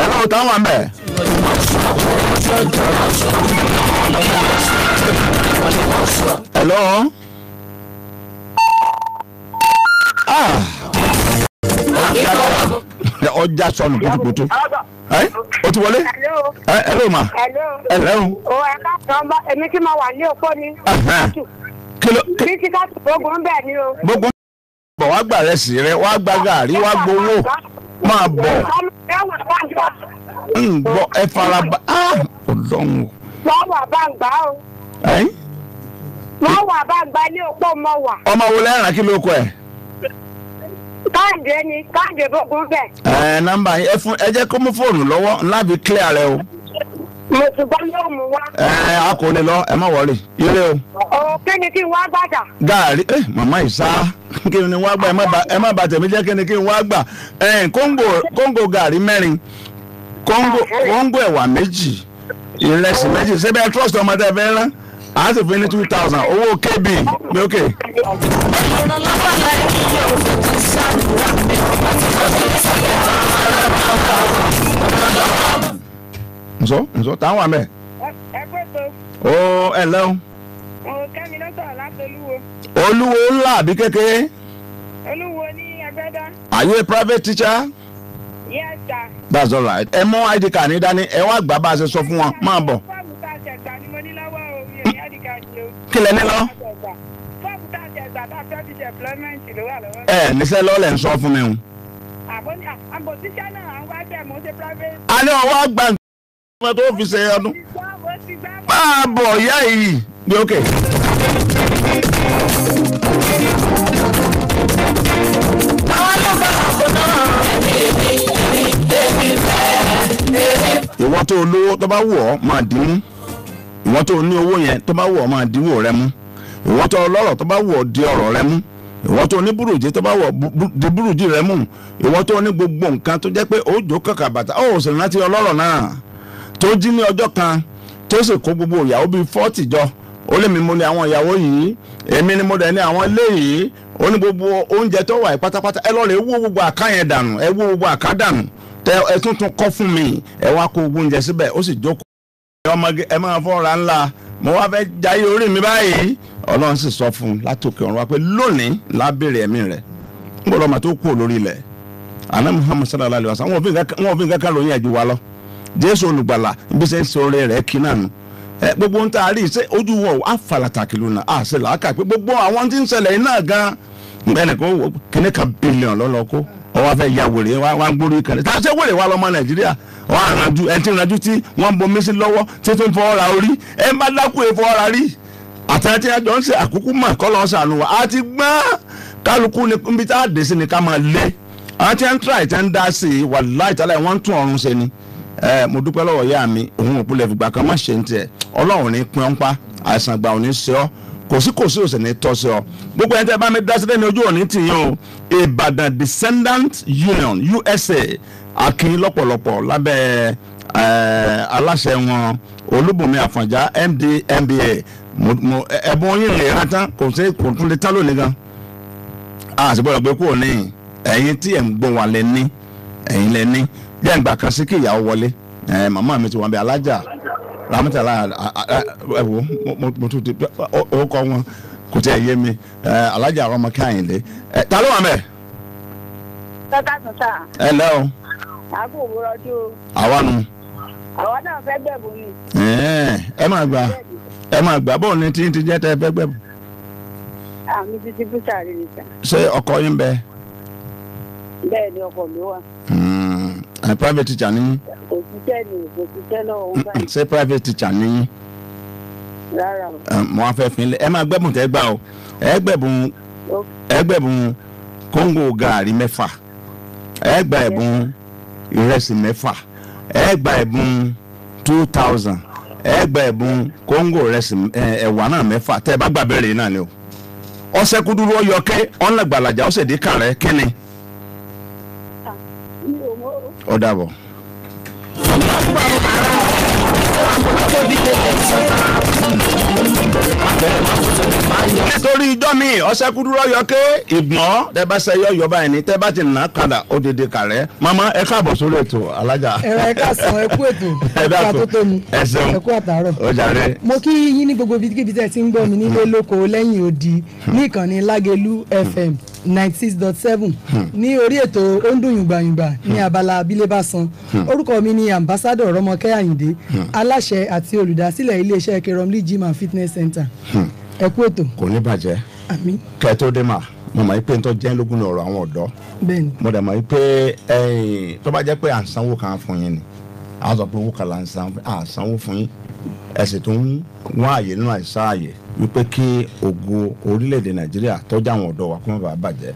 ẹ̀rọ òtá wà mẹ́. hello. ọjà ah. sọnù kutukutu ẹ o ti wọlé ẹ ẹ ló ma ẹ lẹ́hùn. o ẹ ká sọ ọba èmi tí mo wà ní òpó ni. kilo kí ti ká gbógun bẹ́ẹ̀ ni o. gbógun bọ̀ wá gbà rẹ̀ sí rẹ̀ wá gbà gàrí wá gbowó. ma bọ̀ mm, mm, e ah, ń bọ̀ ba ọlọ́run. wọ́n o! bá gbaa gbà ó. wọ́n mọ wà. ọmọ wo lẹ́ràn kí ló ẹ̀. káàdì ẹni káàdì ẹ o. mo ti gbọ́ yóò mú wá. ẹ ẹ a kò lè lọ ẹ má wọlé ire o. ọ kí ni kí n wá gbàdà. gaari ẹ màmá ìsá kí ni wá gbà ẹ má bà tẹ̀mí jẹ́ kí ni kí n wá gbà ẹ kóńgò kóńgò gaari mẹ́rin kóńgò kóńgò ẹ̀wà méjì ìrẹsì méjì ṣé bẹ́ẹ̀ trust ọmọdé fẹ́ rán a fún ní two thousand owó kb ní òkè. ọ̀nà lọ́wọ́ la kí yóò fi ti sáà wá ní ǹsọ ǹsọ tá à ń wà mẹ. ẹ pé tó. ó ẹ lẹ́hún. kẹ́mi ló sọ̀rọ̀ láti olúwo. olúwo ńlá àbí kékeré. olúwo ní agbẹ́dá. are you a private teacher. yes sir. that's all right. ẹ mú id card ní dání ẹ wá gbà bá a ṣe sọ fún wọn máa bọ̀. fọ́ọ̀mù tá a ṣẹ̀ gbà ni mo ní lọ́wọ́ o mi ò ní id card ni kílẹ̀ ní lọ. fọ́ọ̀mù tá a ṣẹ̀ gbà tá a fẹ́ fi ṣe ló wà lọ́wọ́. ẹ níṣẹ́ lọ́ọ̀lẹ̀ ń sọ fún mi àbọ̀ ní àbọ̀ tíṣẹ́ náà àwọn wá ọmọ tó fi ṣe ẹnu máa bọ̀ ìyá yìí ni ìwọ tó lówó tó bá wù ọ́ máa dín mú ìwọ tó ní owó yẹn tó bá wù ọ́ máa dínwó rẹ mú ìwọ tó lọ́rọ̀ tó bá wù di ọ̀rọ̀ rẹ mú ìwọ tó ní búrùjì tó bá wù ọ́ di búrùjì rẹ mú ìwọ tó ní gbogbo nǹkan tó jẹ́ pé ó jò kàkà bàtà ó sì rántí náà. tó jí ní ọjọ́ kan tó sì kó gbogbo ìyàwó bíi fọ́ọ̀tì jọ ó lè mi mo ní àwọn ìyàwó yìí èmi ni mo dẹ̀ ní àwọn ilé ó ní gbogbo oúnjẹ tó wà pátápátá ẹ gbogbo àká yẹn dànù ẹ gbogbo àká dànù tẹ ẹ tuntun kọ́ fún mi ẹ wá kó gbogbo oúnjẹ la ẹ̀mí rẹ̀ ń gbọ́dọ̀ jésù olùgbàlà ibi ṣe ń sọ orin rẹ̀ kí náà nù gbogbo ń taari ṣe ojú wọn á falataki lónà á ṣe làákà pé gbogbo àwọn tí ń ṣẹlẹ̀ iná gan bẹ́ẹ̀ni kò kíní kan bílíọ̀nù lọ́lọ́kọ́ ọwọ́ ya wèrè wá gbórí kan tá a ṣe wèrè wá lọ́mọ nàìjíríà wọ́n àrànjú ẹ̀ tí ń tí wọ́n ń bomi sí lọ́wọ́ tí tó ń fọwọ́ ra orí ẹ̀ ń bá dákú ẹ̀ fọwọ́ ra rí àtẹ̀tẹ̀ ẹjọ́ ń ṣe àkúkú mà kọ́ sànù wa àti gbọ́n kálukú níbi tá a dé sí ni ká máa lé ń tra ń dá sí wọ́n ń tún ọ̀run ṣe ni. ẹ mo dúpẹ́ lọ́wọ́ ìyá mi òun òpó lẹ́fì gbà kan má ṣe ń tiẹ̀ ọlọ́run ní pín ọ́npá àìsàn àgbà òní ṣe ọ́ kò sí kò sí òsè ní tọ́ sí ọ gbogbo ẹni tẹ́ bá mi dá sílẹ̀ ní ojú òní tìyàn o Ìbàdàn Descendant Union USA akin lọ́pọ̀lọpọ̀ lábẹ́ aláṣẹ wọn Olúbùnmi Àfọ̀njá MD MBA ẹ̀bùn yín rè é tán kò sí kò tún lè tán lónìí gan àti gbọ́dọ̀ pé kúrò tí ẹ̀ ń gbọ́ wà lẹ́ni ẹ̀yin lẹ́ni. jẹ́ ìgbà kan sí kí ìyàwó wọlé màmá mi ti wọ́n bí alájà ramutala ẹ̀wò mo tún ti orúkọ wọn kò tẹ̀ yé mi eh, alájà ọmọ káyìnlé eh, ta ló wà mẹ́. tọ́tà tọ́tà. ẹ lẹ́ o. àbò òwúrọ̀ jù. àwa nù. àwa náà fẹ́ gbẹ̀bù mi. Eh, ẹ máa gbà ẹ máa gbà bóun ni tí ń ti jẹ́ tẹ́ ẹ fẹ́ gbẹ̀bù. Ah, àmì rẹ̀ nìkan. ṣé ọkọ yín bẹ́ẹ̀. bẹ́ẹ̀ ni ọkọ mi wà. ẹ hmm. eh, private teacher ni yín. ni kò ṣiṣẹ́ ṣé private teacher ni rárá o. Eh, ẹ máa gbẹ́bùn gbà o ẹ ẹ kóńgò mẹ́fà ẹ ẹ̀bùn ìrẹsì mẹ́fà ẹ ẹ̀bùn two thousand ẹ ẹ̀bùn kóńgò ìrẹsì eh, ẹ̀wà náà mẹ́fà tẹ́ ẹ bá gbà náà ni o ọyọkẹ rẹ Ó nítorí ijọ́ mi lọ́yọ̀ ké ìgbọ́n báyìí nà kàdà kàrẹ́ mama ẹ káàbọ̀ sórí ètò alájà. ẹ kú ètò ẹ ẹ kú àtàárọ̀. mo kí yín ní gbogbo ti ń gbọ́ mi nílé lóko lẹ́yìn odi ní ìkànnì ninety six dot seven hmm. ní orí ètò ondun yùngbàyùngbà hmm. ní abala abílẹ̀ bá san hmm. orúkọ mi ni ambassador rọmọkẹ́ àyìndé aláṣẹ àti olùdásílẹ̀ iléeṣẹ́ keromli gym and fitness center ẹ kú ètò. kò ní bàjẹ́ kẹ́tó dé mà mo máa ń pè ń tọ́ jẹ́ lógún lọ́rọ̀ àwọn ọ̀dọ́ mo dẹ̀ máa ń pè tó bá jẹ́ pé à ń sanwó kan fún yín ni à ń sọ pé owó kan là ń sanwó fún yín ẹ̀sìn tó ń wá àyè nínú àìsàn àyè wípé kí ògo orílẹ̀-èdè nàìjíríà tọ́jú àwọn ọ̀dọ́ wa kó má bàa bàjẹ́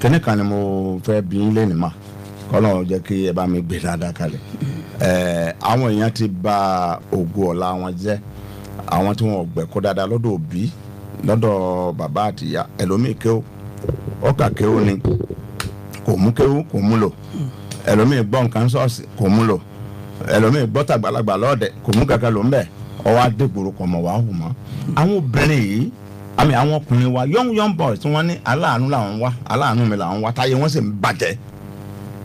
kíní kan ni mo fẹ́ bí yín lẹ́nu mà kọ́lọ́run jẹ́ kí ẹ bá mi gbé dáadáa kalẹ̀ àwọn èèyàn ti bà ògo ọ̀la wọn jẹ́ àwọn tí wọn ò gbẹ̀kọ́ dáadáa lọ́dọ̀ òbí lọ́dọ̀ bàbá àtìyá ẹlòmíì kéwò ọkà kéwò ni kò mú kéwò kò mú lò ẹlòmíì gbọ́ nǹkan ṣọ́ọ̀ṣì kò mú lò ẹlòmíì gbọ́ tàgbàlagbà lọ́ọ̀dẹ kò mú kankan lò ń bẹ́ẹ̀ ọwọ́ adégboro kọ̀ mọ̀ wá hù mọ́ àwọn obìnrin yìí àmì àwọn ọkùnrin wa young young boys tí wọ́n ní aláàánú làwọn wá aláàánú mi làwọn wá táyé wọ́n sì ń bàjẹ́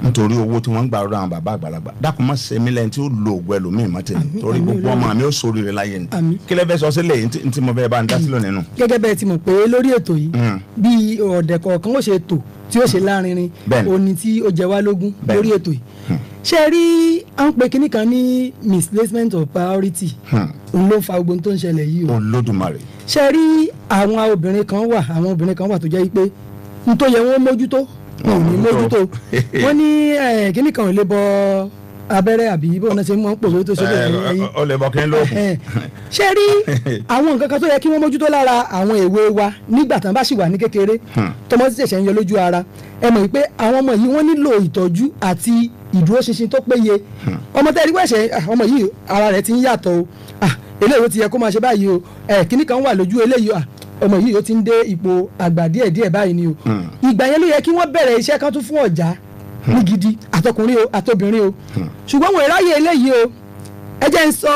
nítorí owó tí wọ́n ń gbà lọ́dọ̀ àwọn bàbá àgbàlagbà dákun mọ́ sẹ́mi lẹ́yìn tí ó lo ògùn ẹlòmíì mọ́ tèmi torí gbogbo ọmọ mi ó sórí rẹ̀ láyé ni kí lẹ́fẹ̀ẹ́ sọ sílẹ̀ yìí tí mo bẹ́ẹ̀ bá ń dá sílẹ̀ nínú. gẹ́gẹ́ bẹ́ẹ̀ ti mọ̀ pé lórí ètò yìí hmm. bí ọ̀dẹ̀ kọ̀ọ̀kan ó ṣe tò tí ó ṣe lárinrin òní tí ó jẹ wá lógún lórí ètò yìí hmm ṣe rí à ń pe kinní kan ní misplacement of priority hmm. òun ló ń fa gbogbo tó ń ṣẹlẹ̀ yìí o Olódùmarè ṣe rí àwọn obìnrin kan wà àwọn obìnrin kan wà tó jẹ́ pé n tó yẹ wọ́n mójútó wọn ò ní mójútó wọ́n ní kinní kan ò lè bọ́ abẹ́rẹ́ àbí bí wọ́n ṣe mọ́ ń pòwé tó sókè ẹ̀yìn. ọlẹ́bọ̀kẹ́ ló kù. ṣé rí àwọn nǹkan kan tó yẹ kí wọ́n mójútó lára àwọn èwe wa nígbà tán bá sì wà ní kékeré hmm. tọmọ sí ṣẹ̀ṣẹ̀ ń yọ lójú ara ẹ mọ̀ pé àwọn ọmọ yìí wọ́n nílò ìtọ́jú àti ìdúróṣinṣin tó péye hmm. ọmọ tẹ́lẹ̀ wẹ̀ṣẹ̀ ah, ọmọ yìí ara rẹ̀ ti ń yàtọ̀ o ah, eléyìí ó ti yẹ kó máa ṣe báyìí o eh, kíní kan wà lójú eléyìí ah, ọmọ yìí o ti ń dé ipò àgbà díẹ̀ díẹ̀ báyìí ni o hmm. ìgbà yẹn ló yẹ kí wọ́n bẹ̀rẹ̀ iṣẹ́ kan tún fún ọ̀já hmm. ní gidi àtọkùnrin o àtobìnrin o ṣùgbọ́n wọn ìráyè eléyìí o ẹ jẹ́ ń sọ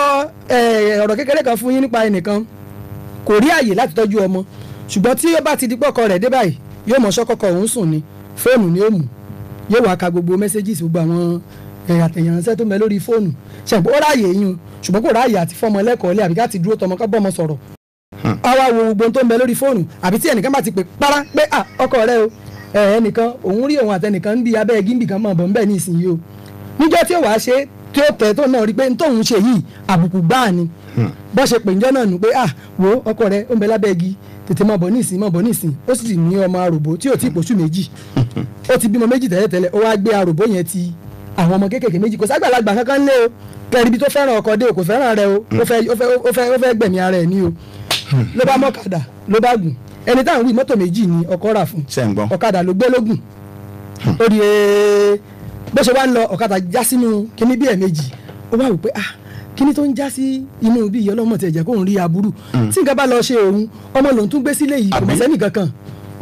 eh, ọ̀rọ̀ kékeré kan fún yín nípa ẹnìkan kò rí àyè láti tọ́jú ọmọ ṣùgbọ́n tí ó bá ti di pọ́kọ rẹ̀ dé báyìí yóò mọ̀ ṣọ́kọ́kọ́ òun sùn ni fóònù ni ó mú yóò wá ka gbogbo messages gbogbo àwọn eh, àtẹ̀yànṣẹ́ tó mẹ lórí fóònù ṣẹ̀gbọ́n ó ráàyè yín ṣùgbọ́n kò ráàyè àti fọmọ ẹlẹ́kọ̀ọ́ lé àbí ká ti dúró tọmọ ká bọ́mọ sọ̀rọ̀ àwa hmm. wo gbogbo tó mẹ lórí fóònù àbí tí ẹnìkan bá ti pè para pé à ọkọ rẹ o eh, ẹnìkan òun rí òun àtẹnìkan ń bi abẹ́ ẹgí nbì kan mọ̀ bọ̀ nbẹ̀ nísìnyí o níjọ́ tí ó wàá ṣe tí ó tẹ̀ tó náà rí pé tóun ṣe yìí àbùkù gbáà ni hmm. bó ṣe pè níjọ́ náà nù pé à wo ọkọ rẹ ó ń bẹ lábẹ́ ẹgí tètè máa bọ̀ ní ìsìn máa bọ̀ ní ìsìn ó sì ti ní ọmọ aròbó tí ò tí ì pòṣù méjì ó ti bímọ méjì tẹ́lẹ̀tẹ́lẹ̀ ó wá gbé aròbó yẹn ti àwọn ọmọ kéékèèké méjì kò ságbàlagbà kankan lé o kẹrìbí tó fẹ́ràn ọkọ dé o kò fẹ́ràn rẹ o ó fẹ́ gbẹ̀mí ara ẹ̀ ní o ló bá mọ́kadà ló bá gùn ẹni táwọn wí mọ́tò méjì ni ọkọ rà fún ọ̀kadà ló gbé lógùn ó di bó ṣe wá ń lọ ọ̀kadà já sínú kíní bí ẹ̀ méjì ó wá wò pé ah kíní tó ń já sí inú bí ìyá ọlọ́mọ tẹ̀jẹ̀ kó ń rí aburú mm. tí nǹkan bá lọ ṣe òun ọmọ lòun tún gbé sílé yìí kò mọ̀ sẹ́nì kankan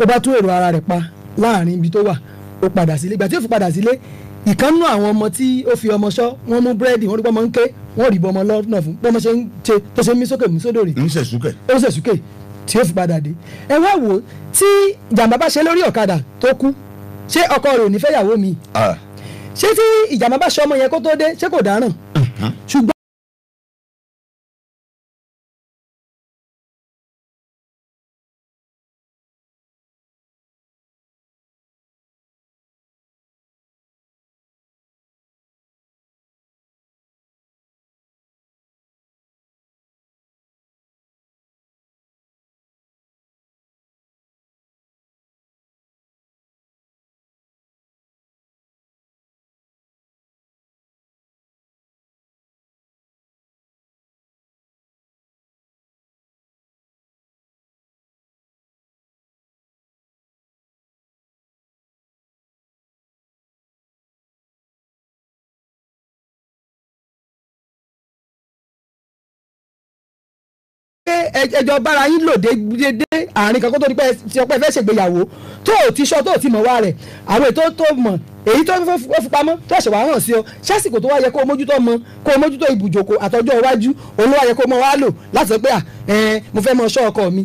ó bá tún èrò ara rẹ̀ pa láàrin ibi tó wà ó padà sílé ìgbà tí ó fi padà sílé ìkànnú àwọn ọmọ tí ó fi ọmọ ṣọ́ wọ́n mú búrẹ́dì wọ́n rí bọ́mọ ń ké wọ́n rí bọ́mọ lọ́nà fún bọ́mọ ṣe ń ṣe tó ṣe ń mí sókè mí sódò rè. ń ṣèṣùkè. tí ó fi padà dé. ẹ wá wò ó tí jàǹbá bá ṣe lórí ọ̀kadà tó kú ṣé ọkọ rẹ̀ ò ní fẹ́yàwó mi. ṣé tí ìjàǹbá bá ṣe ọmọ yẹn kó tó dé ṣé kò dáràn. ṣùgbọ́n ẹjọ́ bára yín lòdè dédé àárín kan kó tó di pé ti ọpẹ́ fẹ́ ṣègbéyàwó tó ò ti sọ tó ò ti mọ̀ wá rẹ̀ àwọn ètò tó mọ̀ èyí tó fẹ́ fi pamọ́ tó ṣẹ̀ wá hàn sí ọ ṣásìkò tó wá yẹ kó o mójútó ọmọ kó o mójútó ibùjókòó àtọjọ́ iwájú òun ló wá yẹ kó o mọ wá lò láti sọ pé à mo fẹ́ mọ ṣọ́ ọkọ mi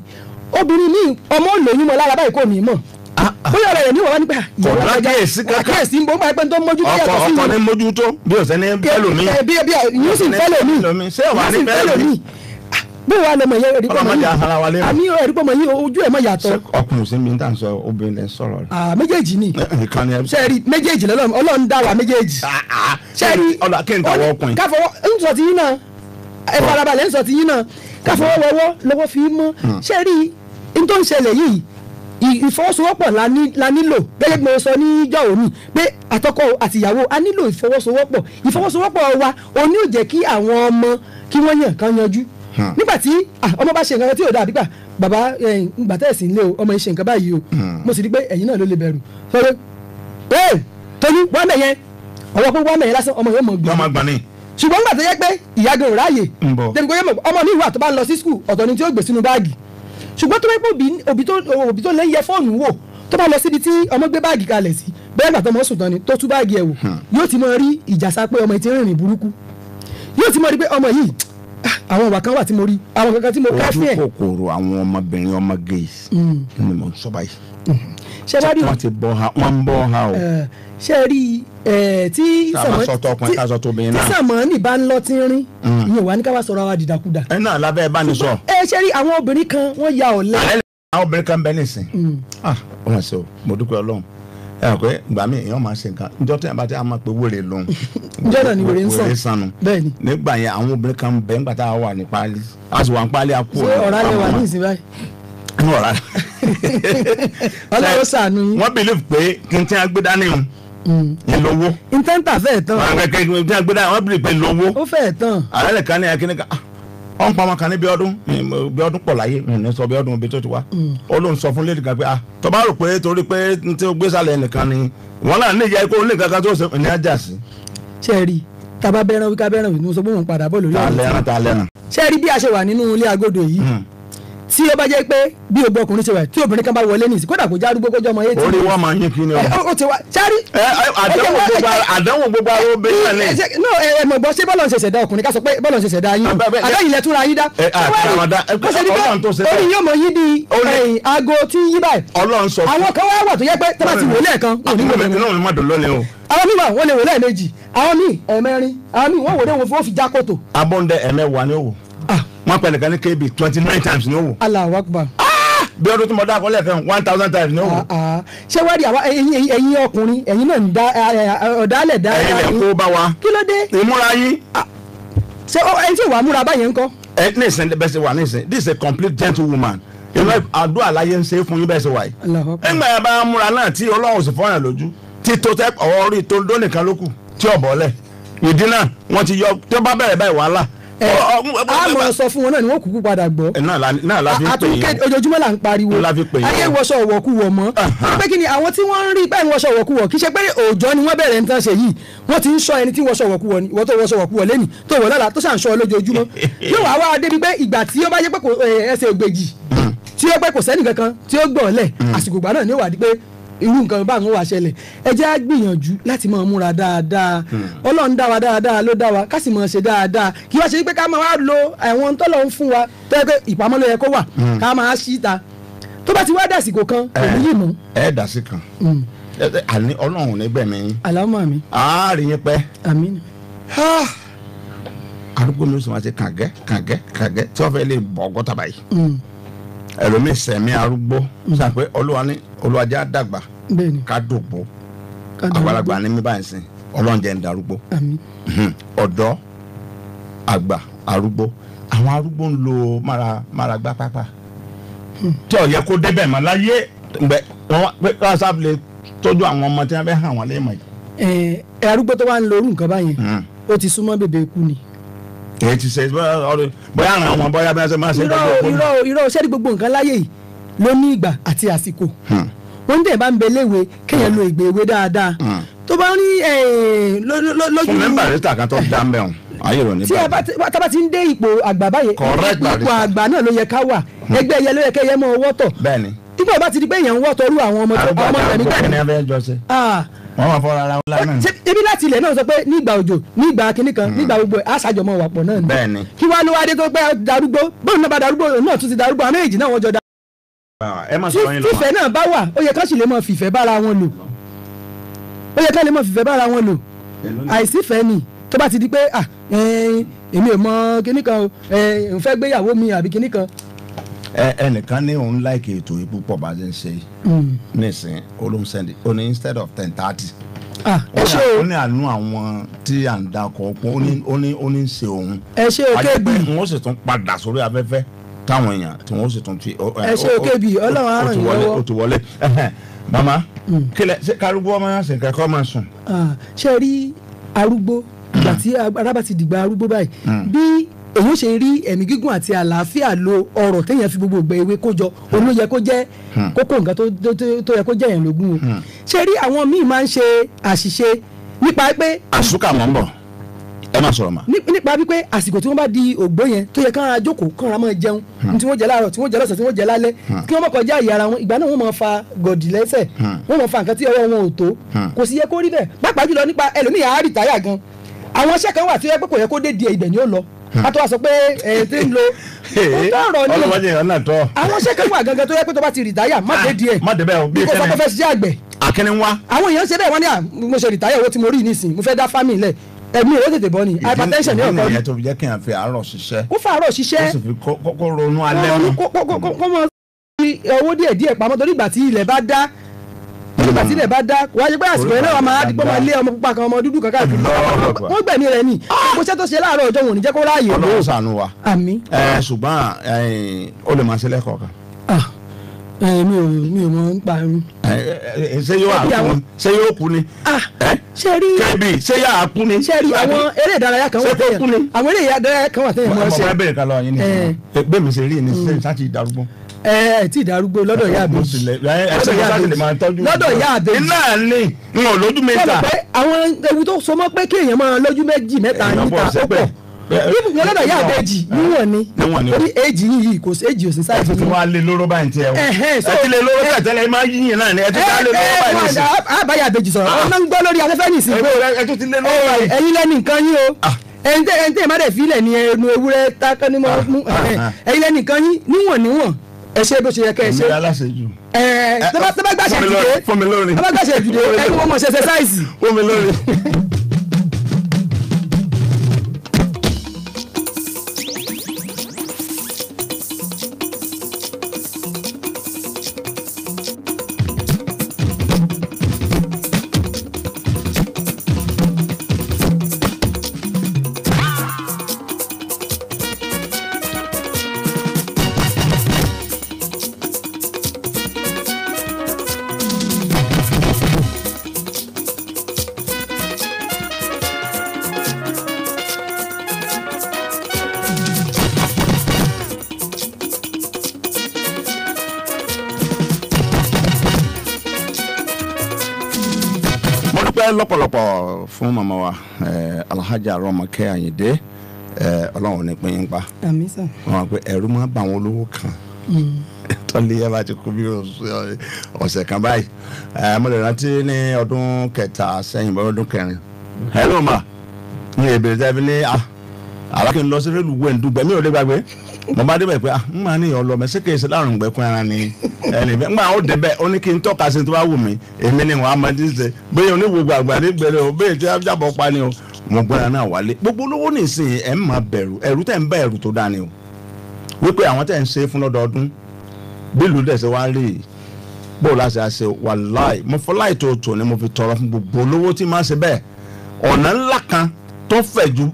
obìnrin ní ọmọ òlòyún mọ lára báyìí kò ní mọ̀ ah, ah. bóyá ọ̀rọ̀ rẹ̀ ní wàá nígbà yàrá àkíyèsí kankan àkíyèsí ń bọ́ máa pẹ́ tó mójú tó yàtọ̀ sí wọn. ọkọ ọkọ ní mójú tó bí ọ̀sẹ̀ ní bẹ́ẹ̀ lómi. bí bí yóò sì fẹ́ lómi. ṣé wàá ní bẹ́ẹ̀ lómi bí wàá lọmọ yẹ ẹrí pọmọ yìí àmì ẹrí pọmọ yìí ojú ẹ má yàtọ̀. ọkùnrin sí mi ń tàn sọ obìnrin lẹ aa ah, méjèèjì ni sẹẹri méjèèjì lọlọrun Ọlọ́run dá wa méjèèjì. sẹẹri ah, ah, ọlọkẹ́ntàwọ́ káfọwọ́ ń sọ ti yín náà ẹ farabalẹ̀ ń sọ ti yín náà káfọwọ́ wọwọ́ lọ́wọ́ fi mọ́ sẹẹri hmm. n tó ń ṣẹlẹ̀ yìí ìfọwọ́sowọ́pọ̀ la nílò gẹ́gẹ́ bí mo sọ níjọ́ òní pé àtọkọ àtìyàwó a nílò ìfọwọ́sowọ́pọ̀ ìfọwọ́sowọ́pọ̀ wa òní Nígbàtí tí ọmọ bá ṣe nǹkan tí yóò bàbá o ọmọ yìí ṣe nǹkan báyìí o mo sì rí pé ẹ̀yin náà ló lè bẹ̀rù ee wọ́n mẹ̀ ọwọ́ pé wọ́n lásán ọmọ yóò mọ̀ ṣùgbọ́n nígbà tó yẹ pé ìyá ráàyè dẹ̀gbẹ́ yẹn ọmọ mi wà tó bá ni tí ó gbé sínú báàgì ṣùgbọ́n tó bá pé òbí tó yẹ fóònù wò tó bá lọ síbi tí tó tú báàgì ẹ̀ wò ti rí ìjàsá àwọn ìwà kan wà tí mo rí àwọn kankan tí mo ká fún ẹ. ojú kòkòrò àwọn ọmọbìnrin ọmọ gays mm. ni mo ń sọ báyìí. Mm. ṣé wàá rí wọn ti bọ ha wọn ń bọ ha o. Eh, ṣé rí eh, tí sàmọ́nì bá ń lọ tí ń rín mm. ìyẹn wà ní ká wá sọ̀rọ̀ àwa dìdàkudà. ẹ náà lábẹ́ ẹ bá ní sọ. ẹ eh, ṣé rí àwọn obìnrin kan wọ́n ya ọ̀lẹ. àwọn obìnrin kan bẹ́ẹ̀ nìsín. ah ọmọ sí o mo dúpẹ́ ọlọ́run ẹ ọ pé ìgbà míì èèyàn máa ṣe nǹkan njọ́ tí àbátí a máa pe wèrè lòun njọ́ ni wèrè ń sàn wèrè sànù bẹ́ẹ̀ni nígbà yẹn àwọn obìnrin kan bẹ́ẹ̀ nígbà tá wà ní pálí a sì wà ní pálí a kú ọ̀rọ̀ ṣé wà ní ìsìn báyìí. ọ̀rá ọlọ́run ṣàánú yín. wọ́n believe pé kí n tí a gbé dání o ìlówó. Hmm. ìtẹ́ntà fẹ́ẹ̀ tán. wọ́n believe pé ìlówó. ó fẹ́ẹ̀ tán. àlẹ́ ọ ń pa ọmọ kan ní bí ọdún bí ọdún pọ̀ láyé ní sọ bí ọdún ibi tó ti wá ó ló ń sọ fún lẹ́dìkan pé ah tó rò pé torí pé tí o gbé sálẹ̀ nìkan ni wọn náà ní ìyá ikú ní kankan tó ṣe ní ajá sí. ṣe rí tàbá bẹ́ràn wíkà bẹ́ràn wí ni mo sọ pé mo ń padà bọ̀ lórí ọ̀rọ̀ tí. ta lẹ́ràn ta lẹ́ràn. ṣe rí bí a ṣe wà nínú ilé agodo yìí hmm tí ó bá jẹ́ pé bí o bọ ọkùnrin ṣe wà tí obìnrin kan bá wọlé nìsí kódà kó já arúgbó kó jẹ́ ọmọ eighty. orí wọn máa yín kí ni o. o ti wa sari. àdánwò gbogbo ara ó bẹ́ẹ̀ lẹ̀. no ẹ ẹ mọ̀ gbọ́ ṣé bọ́lọ̀ ń ṣẹ̀ṣẹ̀ dá ọkùnrin ká sọ pé bọ́lọ̀ ń ṣẹ̀ṣẹ̀ dá yín àdáyìn ilẹ̀ túnra yín dá. orí yóò mọ yí di aago tí yí báyìí. àwọn kan wá wà tó yẹ pé tẹ́lá ti wò lẹ́ẹ̀kan òní wò àwọn mímọ wọn lè wò lẹ́ẹ̀mejì àwọn míì ẹ̀mẹrin àwọn míì wọn wò lé wọn fún òfin jákòtò. abọ́ndẹ ẹ̀mẹwàá ni ó wò wọ́n pẹ̀lẹ́ kan ní kb twenty nine times ní òwò. Allahu Akbar. Ah! bí ọdún tí mo dá akọ́lẹ̀ kan one thousand times ní òwò. Ah, ah. ṣé wàá rí àwa ẹ̀yin ọkùnrin ẹ̀yin náà ń dá ọ̀dálẹ̀ Da ẹ̀yin lè kó bá wa. kí ló dé. ìmúra yín. ṣé ẹni tí ìwà múra báyẹn ń kọ́. ẹ ní ìsìn bẹ́ẹ̀ ṣe wà ní ìsìn this is a complete gentlewoman ìwé àdúrà láyé ń ṣe fún yín bẹ́ẹ̀ ṣe wà yìí. ẹgbẹ́ yẹn bá múra náà tí ọlọ́run sì fọ́nà lójú tí tó tẹ́ ọ̀rọ̀ orí tó dónìkan lókù tí ọ̀bọ̀ọ́lẹ̀ ìdí náà wọ́n ti yọ tó bá bẹ̀rẹ̀ báyìí a mọ̀ sọ fún wọn náà ni wọ́n kúkú padà gbọ́. náà la fi ń pè yín ojoojúmọ́ la ń pariwo ayé wọṣọ wọ̀kúwọ̀ mọ́ pé kí ni àwọn tí wọ́n ń rí báyìí wọṣọ wọ̀kúwọ̀ kì í ṣe pé òòjọ́ ni wọ́n bẹ̀rẹ̀ nǹkan ṣe yìí wọ́n ti ń sọ ẹni tí wọṣọ wọ̀kúwọ̀ ni wọ́n tó wọṣọ wọ̀kúwọ̀ lẹ́nì tó wọ̀ lọ́la tó ṣà ń sọ lójoojúmọ́ yóò wá wá débi pé ìgbà tí ó bá yẹ pé ẹsẹ̀ ògbèjì hmm. tí ó pẹ́ kò sẹ́nì kankan tí ó gbọ̀n hmm. àsìkò ìgbà náà ni ó wà di pé irú nǹkan bá ń wà ṣẹlẹ̀ ẹ jẹ́ á gbìyànjú láti máa múra dáadáa hmm. ọlọ́run dá wa dáadáa ló dá wa ká sì máa ṣe dáadáa kí wọ́n ṣe pé ká máa lo àwọn tọ́lọ̀ ń fún wa tó yẹ pé ìpamọ́ ló yẹ kó wà hmm. ká máa ṣí ta tó bá ti wá dàsìkò kan èmi eh, yìí mọ́. ẹ eh, dàsí kan hmm. eh, àní ọlọ́run nígbẹ̀ mi. àlámọ̀ mi. àárín yín pẹ́. àmín. arúgbó mi sọ ma ṣe kàngẹ́ kàngẹ́ kàngẹ́ tí wọ́n fẹ́ lè bọ̀ ọgọ́ta báyìí. ẹlòmí sẹmí arúgbó sàpé olúwa jẹ́ àgbàlagbà ní mi báyìí sìn ọlọ́run ń darúgbó ọ̀dọ́ àgbà arúgbó àwọn arúgbó ń lo mara mara gbá pápá tí ó kó débẹ̀ mọ́ láyé gbẹ ọmọ tí wọ́n fẹ́ hàn wọ́n lé yìí. ẹ arúgbó tó ń lo orú ni. eighty six bọ́yá ọdún bọ́yá àwọn ọmọ bọ́yá bẹ́ẹ̀ sẹ́ máa ṣe gbogbo ọkọ. irọ́ irọ́ ṣẹ́ni gbogbo nǹkan láyé yìí ló ní ìgbà àti àsìkò hmm. wọ́n ń tẹ̀ bá ń bẹ léwe kéèyàn hmm. lo ìgbé ewé dáadáa hmm. tó bá ní lójú. fún mẹ́mbà rẹ̀ tà kan tó dá mbẹ́ wọn ayé rẹ̀ níbẹ̀. tí a bá ti ń dé ipò àgbà báyìí ipò àgbà náà ló yẹ ká wà ẹgbẹ́ yẹ ló yẹ kẹ́ yẹ mọ́ ọwọ́ tọ̀. bẹ́ẹ̀ni nígbà bá ti di pé èèyàn ń wọ́tọ̀ rú àwọn ọmọ tó ọmọ tẹ̀mí tẹ̀mí. Ah. wọ́n máa fọ́ra ara wọn lánàá. ebi láti ilẹ̀ náà sọ pé nígbà òjò nígbà kínní kan hmm. nígbà gbogbo àṣàjọ mọ̀ wàpọ̀ náà ni. bẹ́ẹ̀ni. kí wàá ló wá dé tó pé darúgbó bóun náà bá darúgbó òun náà tún ti darúgbó àmọ́ èjì náà wọ́n jọ da. Ah, fífẹ́ náà bá wà ó yẹ ká sì lè mọ fìfẹ́ bára wọn lò ó yẹ ká lè mọ fìfẹ́ bára wọn lò àìsífẹ́ ni tó bá ti di pé ah, èmi ò mọ kíní kan ò ń fẹ́ gbéyàwó mi àbí kíní kan ẹnìkan ní òun láìkè ètò yìí púpọ̀ bá ṣe ń ṣe hmm. nísìn olóhùn sẹ́ndì ó ní instead of ten thirty. Ah, ẹ ṣe o ó ní àánú àwọn tí à ń dakọ̀ ó ní ó ní ó ní ń ṣe òun. ẹ ṣe o kébi àjẹpẹ́ wọ́n sì tún padà sórí afẹ́fẹ́ táwọn èèyàn tí wọ́n sì tún fi. ẹ ṣe o kébi ọlọ́run á ràn yín lọ́wọ́ ó ti wọlé mama hmm. kílẹ̀ ṣe kárúgbó ọmọ yẹn sì kẹ́kọ̀ọ́ máa sùn. Ah, ṣe rí arúgbó àti arábàtì dìgbà arúgbó báyìí hmm òun ṣe rí ẹ̀mí gígùn àti àlàáfíà lo ọ̀rọ̀ téèyàn fi gbogbo ìgbà ewé kójọ òun ló yẹ kó jẹ́ hmm. kókó nǹkan tó yẹ kó jẹ́ yẹn lógún o hmm. ṣe rí àwọn míì máa ń ṣe àṣìṣe nípa pé. àsúkà mọ̀ ń bọ̀ ẹ má sọ̀rọ̀ mà. nípa wípé àsìkò tí wọ́n bá di ògbó yẹn tó yẹ kán ara jókòó kán ara máa jẹun hmm. tí wọ́n jẹ láàárọ̀ tí wọ́n jẹ lọ́sàn tí wọ́n jẹ lálẹ́ kí wọ́n mọ̀ kọjá àyè ara wọn ìgbà náà wọ́n máa fa gọ̀dì lẹ́sẹ̀ wọ́n máa fa nǹkan tí ọwọ́ wọn ò tó kò sì yẹ kó rí bẹ́ẹ̀ pàápàá jùlọ nípa ẹlòmíì àárítàyà gan àwọn iṣẹ́ kan wà tí ẹ pé kò yẹ kó dé di ibẹ̀ ni ó lọ hmm. a tó wá sọ pé ẹ eh, ti ń lo ọ̀rọ̀ ni àwọn iṣẹ́ kan wà gangan tó yẹ pé tó bá ti rìtáyà má dé ah, di ẹ̀ bí kò sọ pé fẹ́ ṣiṣẹ́ àgbẹ̀ akẹ́ni wá. àwọn èèyàn ṣe bẹ́ẹ̀ wọ́n ní à ah, mo ṣe rìtáyà owó tí mo rí nísìnyí mo fẹ́ dá fámì lẹ̀ ẹ̀mí ò tètè bọ́ ni hypertension ní ọ̀kọ́ ni. ìyẹn tó fi jẹ́ kí n fi àárọ̀ ṣiṣẹ́. kó fa àárọ̀ ṣiṣẹ́. kó sì fi kó ronú alẹ́ mọ́. kó mọ owó díẹ̀ díẹ̀ pamọ́ torí ìgbà tí ilẹ̀ bá dá nígbà mm. tílẹ̀ bá dá wáyé pé àsìkò yẹn náà máa dìgbọ́ máa lé ọmọ pupa kan ọmọ dúdú kan káàkiri wọ́n gbẹ̀mí rẹ̀ ni bó ṣe tó ṣe láàárọ̀ ọjọ́ wọn ò ní jẹ́ kó ráàyè o. ọlọ́run ṣàánú wa ṣùgbọ́n ó lè máa ṣe lẹ́kọ̀ọ́ kan. mi ò mi ò mọ ń pa irun. ṣé yóò àkú ṣé yóò kú ni. ṣé rí kébì ṣé yà á kú ni. ṣé rí àwọn eré ìdárayá kan wà tẹ̀yàn àwọn eré ìdárayá kan wà tẹ̀yàn mọ́ ṣe ẹ ẹ tí ìdarúgbó lọ́dọ̀ ìyá mi lọ́dọ̀ ìyá mi lọ́dọ̀ ìyá mi. iná ni n ò lójú mẹ́ta. àwọn ewu tó so mọ́ pé kéèyàn máa lójú méjì mẹ́ta níta ó pọ̀ ìbùkún lọ́dọ̀ yà àbẹ́jì níwọ̀n ni orí èjì yìí kò sí èjì òsì sáyẹ̀dì. ẹ ti wá lé lóró báyìí tiẹ̀ o ẹ ti lé lóró báyìí tẹ́lẹ̀ ẹ máa yíyìn náà ni ẹ ti lé lóró báyìí nìsín. àbáyà àbẹ́jì sọ̀rọ̀ ah. ọ̀nà ń gbọ́ lórí afẹ́fẹ́ nìsín. ẹ tún lẹ́nu nǹkan yín o ah. ẹ̀yin tẹ́ ẹ̀yin tẹ́ ẹ̀ má dẹ̀ fílẹ̀ ni ẹnu ewúrẹ́ tákàn ní ah, lẹ́nu nǹkan yín níwọ̀n níwọ̀n ẹ ṣe bó ṣe yẹ kẹ ẹ ẹ tẹ́lẹ̀ gbàṣẹ ìdìde tẹ́lẹ̀ gbàṣẹ ìdìde ẹ ní wọ́n mọ̀ ṣe sáìsì. ma màmá wa eh, alhaji rọmọkẹ́ àyìndé eh, ọlọ́run ní pín in pa wọn pé ẹ̀rú máa bá àwọn olówó kan hmm. tọ́lé ẹ bá ti kú bí ọ̀sẹ̀ kan báyìí eh, mo lè rántí ní ọdún kẹta sẹ́yìn bọ́ ọdún kẹrin hello ma ní alákẹ́ ń ah, lọ sí mi ò lè gbàgbé mo bá débẹ̀ pé ah, ní ìyọ̀ ẹnìfẹ ńgbà ó débẹ̀ ó ní kí n tọ́ka sí tó bá wù mí èmi ni wọn á máa ti ṣe bẹ́ẹ̀ oníwègbè àgbà nígbẹ̀rẹ̀ o bẹ́ẹ̀ tí ajábọ̀ pa ni o mo gbọ́dọ̀ náà wálé gbogbo olówó nìsín ẹ̀ ń máa bẹ̀rù ẹ̀rù tẹ̀ ń bá ẹ̀rù tó dání o wípé àwọn tẹ̀ ń ṣe fún lọ́dọọdún bí ìlú dẹ̀ ṣe wá rí i bó o láṣẹ àṣẹ wàláì mo fọlá ètò òtò ni mo fi tọrọ fún gbogbo olówó tí máa ṣe bẹ́ẹ̀ ọ̀nà ńlá kan tó fẹ̀ ju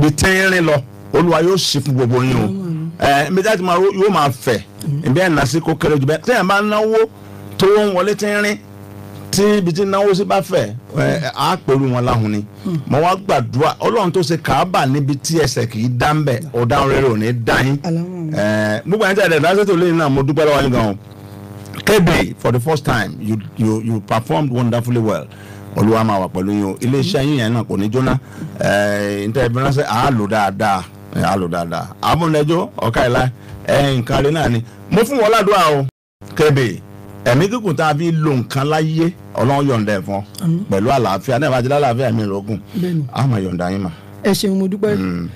bìtẹ́rin lọ olúwa yóò ṣe fún gbogbo yín o. ẹ̀ẹ́dẹ́gbẹ́ ti ma ro yóò máa fẹ̀ ẹ̀bí ẹ̀ nàásì kó náwó tó ń ti tínrín tí náwó sí bá fẹ̀ ẹ̀ á pẹ̀lú wọn láhùn ni mo wá gbàdúrà ọlọ́run tó ṣe kàábà níbi tí ẹsẹ̀ kì í ni ń gbogbo àyíká for the first time you performed wonderfully well o alò dáadáa amúnẹjọ ọkà ìlà nǹkan rẹ náà ni mo fún wọn ládùúgbà o kébè ẹ̀mí kíkùn tá a fi lo nǹkan láyé ọlọ́run yọ̀ǹda ẹ̀ fún pẹ̀lú àlàáfíà náà bá ti lálàáfíà mi rògùn àmọ́ yọ̀ǹda yín mà. ẹ ṣeun mo dúpẹ́. Hmm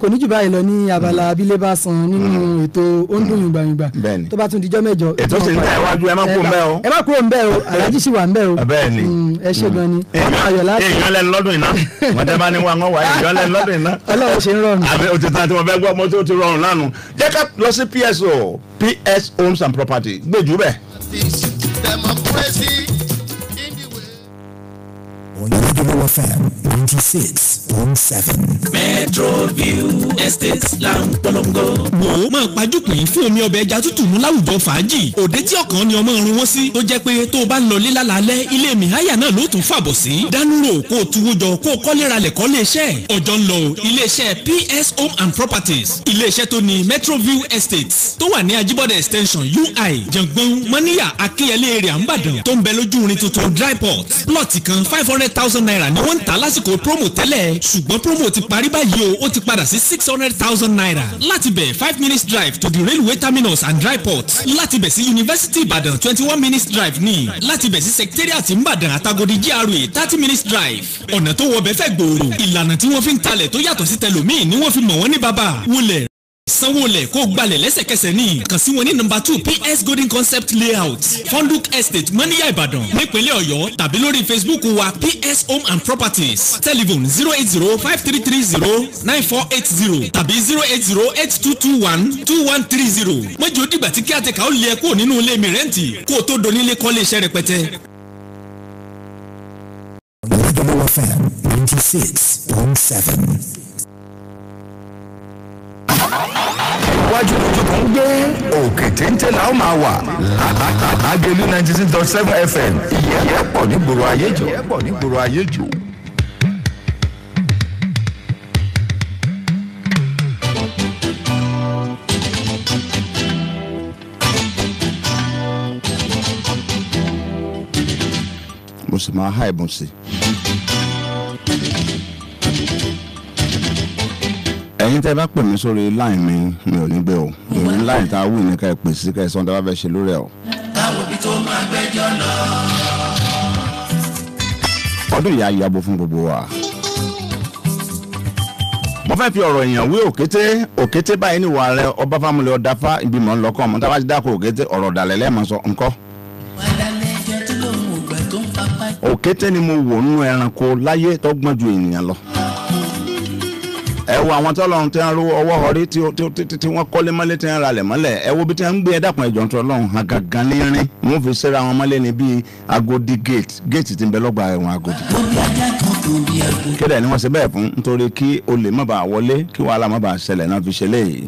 kò ní jù báyìí lọ ní abala mm-hmm. abilé bá san nínú mm-hmm. ètò ondun yungbanyungba tó bá tún dijọ́ mẹ́jọ. ètò sì ń ta iwájú ẹ má kúrò ńbẹ̀ o. ẹ má kúrò ńbẹ̀ o alhaji sì wà ńbẹ̀ o. Mm, ẹ ṣe mm. gan ni. èèyàn lẹnu lọ́dún iná wọn tẹ bá ní wọn wá èèyàn lẹnu lọ́dún iná. Ọlọ́run ṣe ń rọrùn. àbẹ òtítà tí wọn fẹ́ gbọ́ ọmọ tó ti rọrùn lánàá jẹ́ ká lọ sí PSO PS Homes and Property gbèjú bẹ́ẹ̀. democracy in the way. 96.7. Metro View Estate là ń polongo. Wò ó máa pàjùpín fún omi ọbẹ̀ ẹja tútù mú láwùjọ fàájì. Òde tí ọ̀kan ni ọmọ irun wọn sí. Tó jẹ́ pé tó o bá ń lọ lílá lálẹ́, ilé mìháyà náà ló tún fàbọ̀ sí. Dánúrò kó o tuwó jọ kó o kọ́lé ralẹ̀ kọ́lé iṣẹ́. Ọjọ́ ń lọ ilé-iṣẹ́ PS Home and Properties. Ilé-iṣẹ́ tó ni Metro View Estate tó wà ní Ajibode extension UI Jàngbọ́n Mọ́níyà Akínyẹlé area ń bàdàn tó ń bẹ lójú irin tuntun dry port. Plọ̀tì kan five hundred thousand naira ni wọ́n ń ta lásìkò lásìkò promo tẹ́lẹ̀ ṣùgbọ́n promo ti parí báyìí o ó ti padà sí six hundred thousand naira láti bẹ̀ five minutes drive to the railway terminus and dry port láti bẹ̀ sí University Ìbàdàn twenty one minutes drive ní láti bẹ̀ sí secretariat Ìbàdàn àtagodi GRA thirty minutes drive ọ̀nà tó wọ bẹ́ẹ̀ fẹ́ gbòòrò ìlànà tí wọ́n fi ń talẹ̀ tó yàtọ̀ sí tẹlòmíì ni wọ́n fi mọ̀ wọ́n ní bàbá wọlé sanwó-olẹ̀ kó gbalẹ̀ lẹ́sẹ̀kẹsẹ̀ ní kàn sí wọn ní nọ́mbà two ps golden concept layout Funduk estate mọ́níyà ìbàdàn nípínlẹ̀ ọ̀yọ́ tàbí lórí facebook wa ps home and properties telephone zero eight zero five three three zero nine four eight zero tàbí zero eight zero eight two two one two one three zero mọ́jọ́ dìgbà tí kí àtẹ̀ká ó lé ẹ kúrò nínú ilé mi rẹ́ǹtì kó o tó donílé kọ́lé iṣẹ́ rẹpẹtẹ. Double FM ninety six point seven wájú tuntun ń gbé òkè téńté la ó máa wà lágẹlú ninety six dot seven fm ìyẹn pọ̀ nígboro ayé jù. ìyẹn pọ̀ nígboro ayé jù. mo sì máa há ẹ̀bùn sí i. ẹ̀yin tẹ́ bá pè mí sórí line mi mi ò ní gbé o èmi line tá a wù ní ká ẹ pè ká ẹ sọ ohun tá ṣe lórí ẹ o. káwọn ibi tó máa gbẹ́jọ́ lọ. ọdún ìyá ìyàbò fún gbogbo wa. mo fẹ́ fi ọ̀rọ̀ èèyàn wé òkété òkété báyìí ní ìwà rẹ ọba fámúlẹ ọ̀dáfá ìgbìmọ̀ ńlọkọ̀ ọmọ tábàjì dákò òkété ọ̀rọ̀ ọ̀dàlẹ̀ lẹ́ẹ̀mọ́sọ ńkọ́ òkété ni mo wò nínú ẹranko láyé tó gbọ́n ju ènìyàn lọ ẹ wo àwọn tọ́lọ́run tí wọ́n rówó ọwọ́ ọ̀rí tí wọ́n kọ́lé mọ́lé tí wọ́n ralẹ̀ mọ́lẹ̀ ẹ wo bí tí wọ́n ń gbé ẹ̀dàkùn ẹ̀jọ̀ tó lọ́hùn lérin wọ́n fi ṣẹ́ra wọn mọ́lẹ̀ ní bíi Agodi gate gate ti ń bẹ lọ́gbà ẹ̀wọ̀n Agodi. kéde ni wọ́n ṣe bẹ́ẹ̀ fún nítorí kí olè má bàa wọlé kí wàhálà má bàa ṣẹlẹ̀ náà fi ṣe léyìí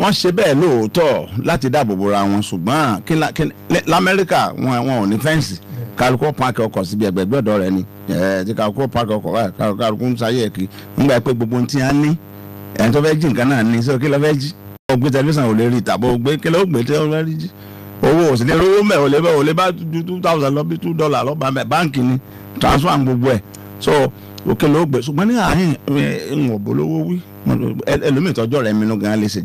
wọ́n ṣe bẹ́ẹ̀ lóòótọ́ láti dáàbò bora wọn ṣùgbọ́n kálukú paaki ọkọ síbi ẹgbẹ̀gbẹ́ ọ̀dọ́ rẹ ni tí kálukú paaki ọkọ kálukú ń sayé ẹ̀kí ńgbà pé gbogbo ti á ní ẹni tó fẹ́ jí nǹkan náà ní sọ kí ló fẹ́ jí ó gbé tẹlifíṣàn ò lè rí tàbí ó gbé kí ló gbé tí ó fẹ́ rí jí owó ní mẹ́ ò lè bẹ́ ò lè two thousand lọ bí two dollar lọ bá ni transfer gbogbo ẹ̀ so òkè ló gbé ṣùgbọ́n ní àárín ìwọ̀n bolówó wí ẹlòmíì tọjọ́ rẹ̀ gan lè fẹ́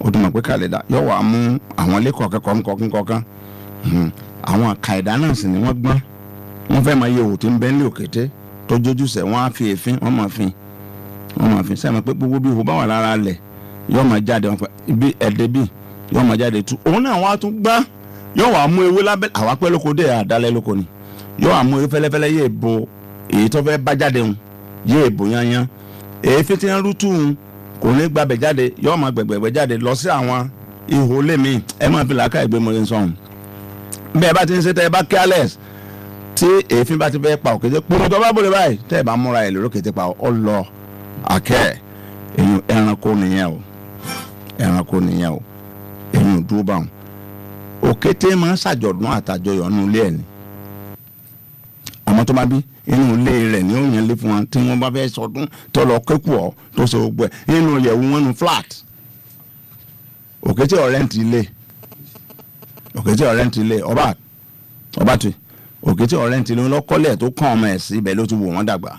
o dùn mọ̀ pé kàlẹ́dà yọ wà mú àwọn ilé kọ̀ọ̀kan kọ̀ọ̀kan kọ̀ọ̀kan hmm. àwọn kàìdá náà sì ni wọ́n gbọ́n wọ́n fẹ́ máa yẹ òwò tí ń bẹ́ nílé òkété tó jójú sẹ̀ wọ́n á fi èéfín wọ́n máa fi wọ́n máa fi sẹ́mi pé gbogbo bí ihò bá wà lára lẹ̀ yọ máa jáde wọn bí ẹ̀dẹ́ bí yọ máa jáde tú òun náà wọ́n á tún gbá yọ wà mú ewé lábẹ́ àwa pẹ́ lóko dé àdálẹ́ lóko ni yọ wà mú ewé fẹ́lẹ́fẹ́lẹ́ yẹ bo èyí tó fẹ́ bá jáde hun yẹ bo yanyan èéfín tí wọ́n rú tú hun kò ní gbàbẹ̀ jáde yóò máa gbẹ̀gbẹ̀gbẹ̀ jáde lọ sí àwọn ihò lèmi ẹ máa fi làákà ìgbé mọ̀lẹ́ sọ̀hún. bẹ́ẹ̀ bá ti ń ṣe tẹ́ ẹ bá careless tí èéfín bá ti fẹ́ pa òkété kúrú tó bá bòlè báyìí tẹ́ ẹ bá múra ẹ̀ lórí òkété pa ọ lọ àkẹ́ ẹ̀yìn ẹranko nìyẹn o ẹranko nìyẹn o ẹ̀yìn dúró bá wọn. òkété máa ń ṣàjọ̀dún àtàjọyọ̀ nínú ilé ẹ̀ ni àmọ́ tó máa bí inú ilé rẹ̀ ní òyìn ilé fún wọn tí wọ́n bá fẹ́ sọdún tó lọ kékù ọ́ tó so gbogbo ẹ̀ inú ìyẹ̀wò wọn nu flat òkè tí ọ̀rẹ́ ti lé òkè tí ọ̀rẹ́ ti lé ọba ọba tu òkè tí ọ̀rẹ́ ti lé lọ́kọ́lẹ̀ tó kàn ọmọ ẹ̀ sí ibẹ̀ ló ti wò wọ́n dàgbà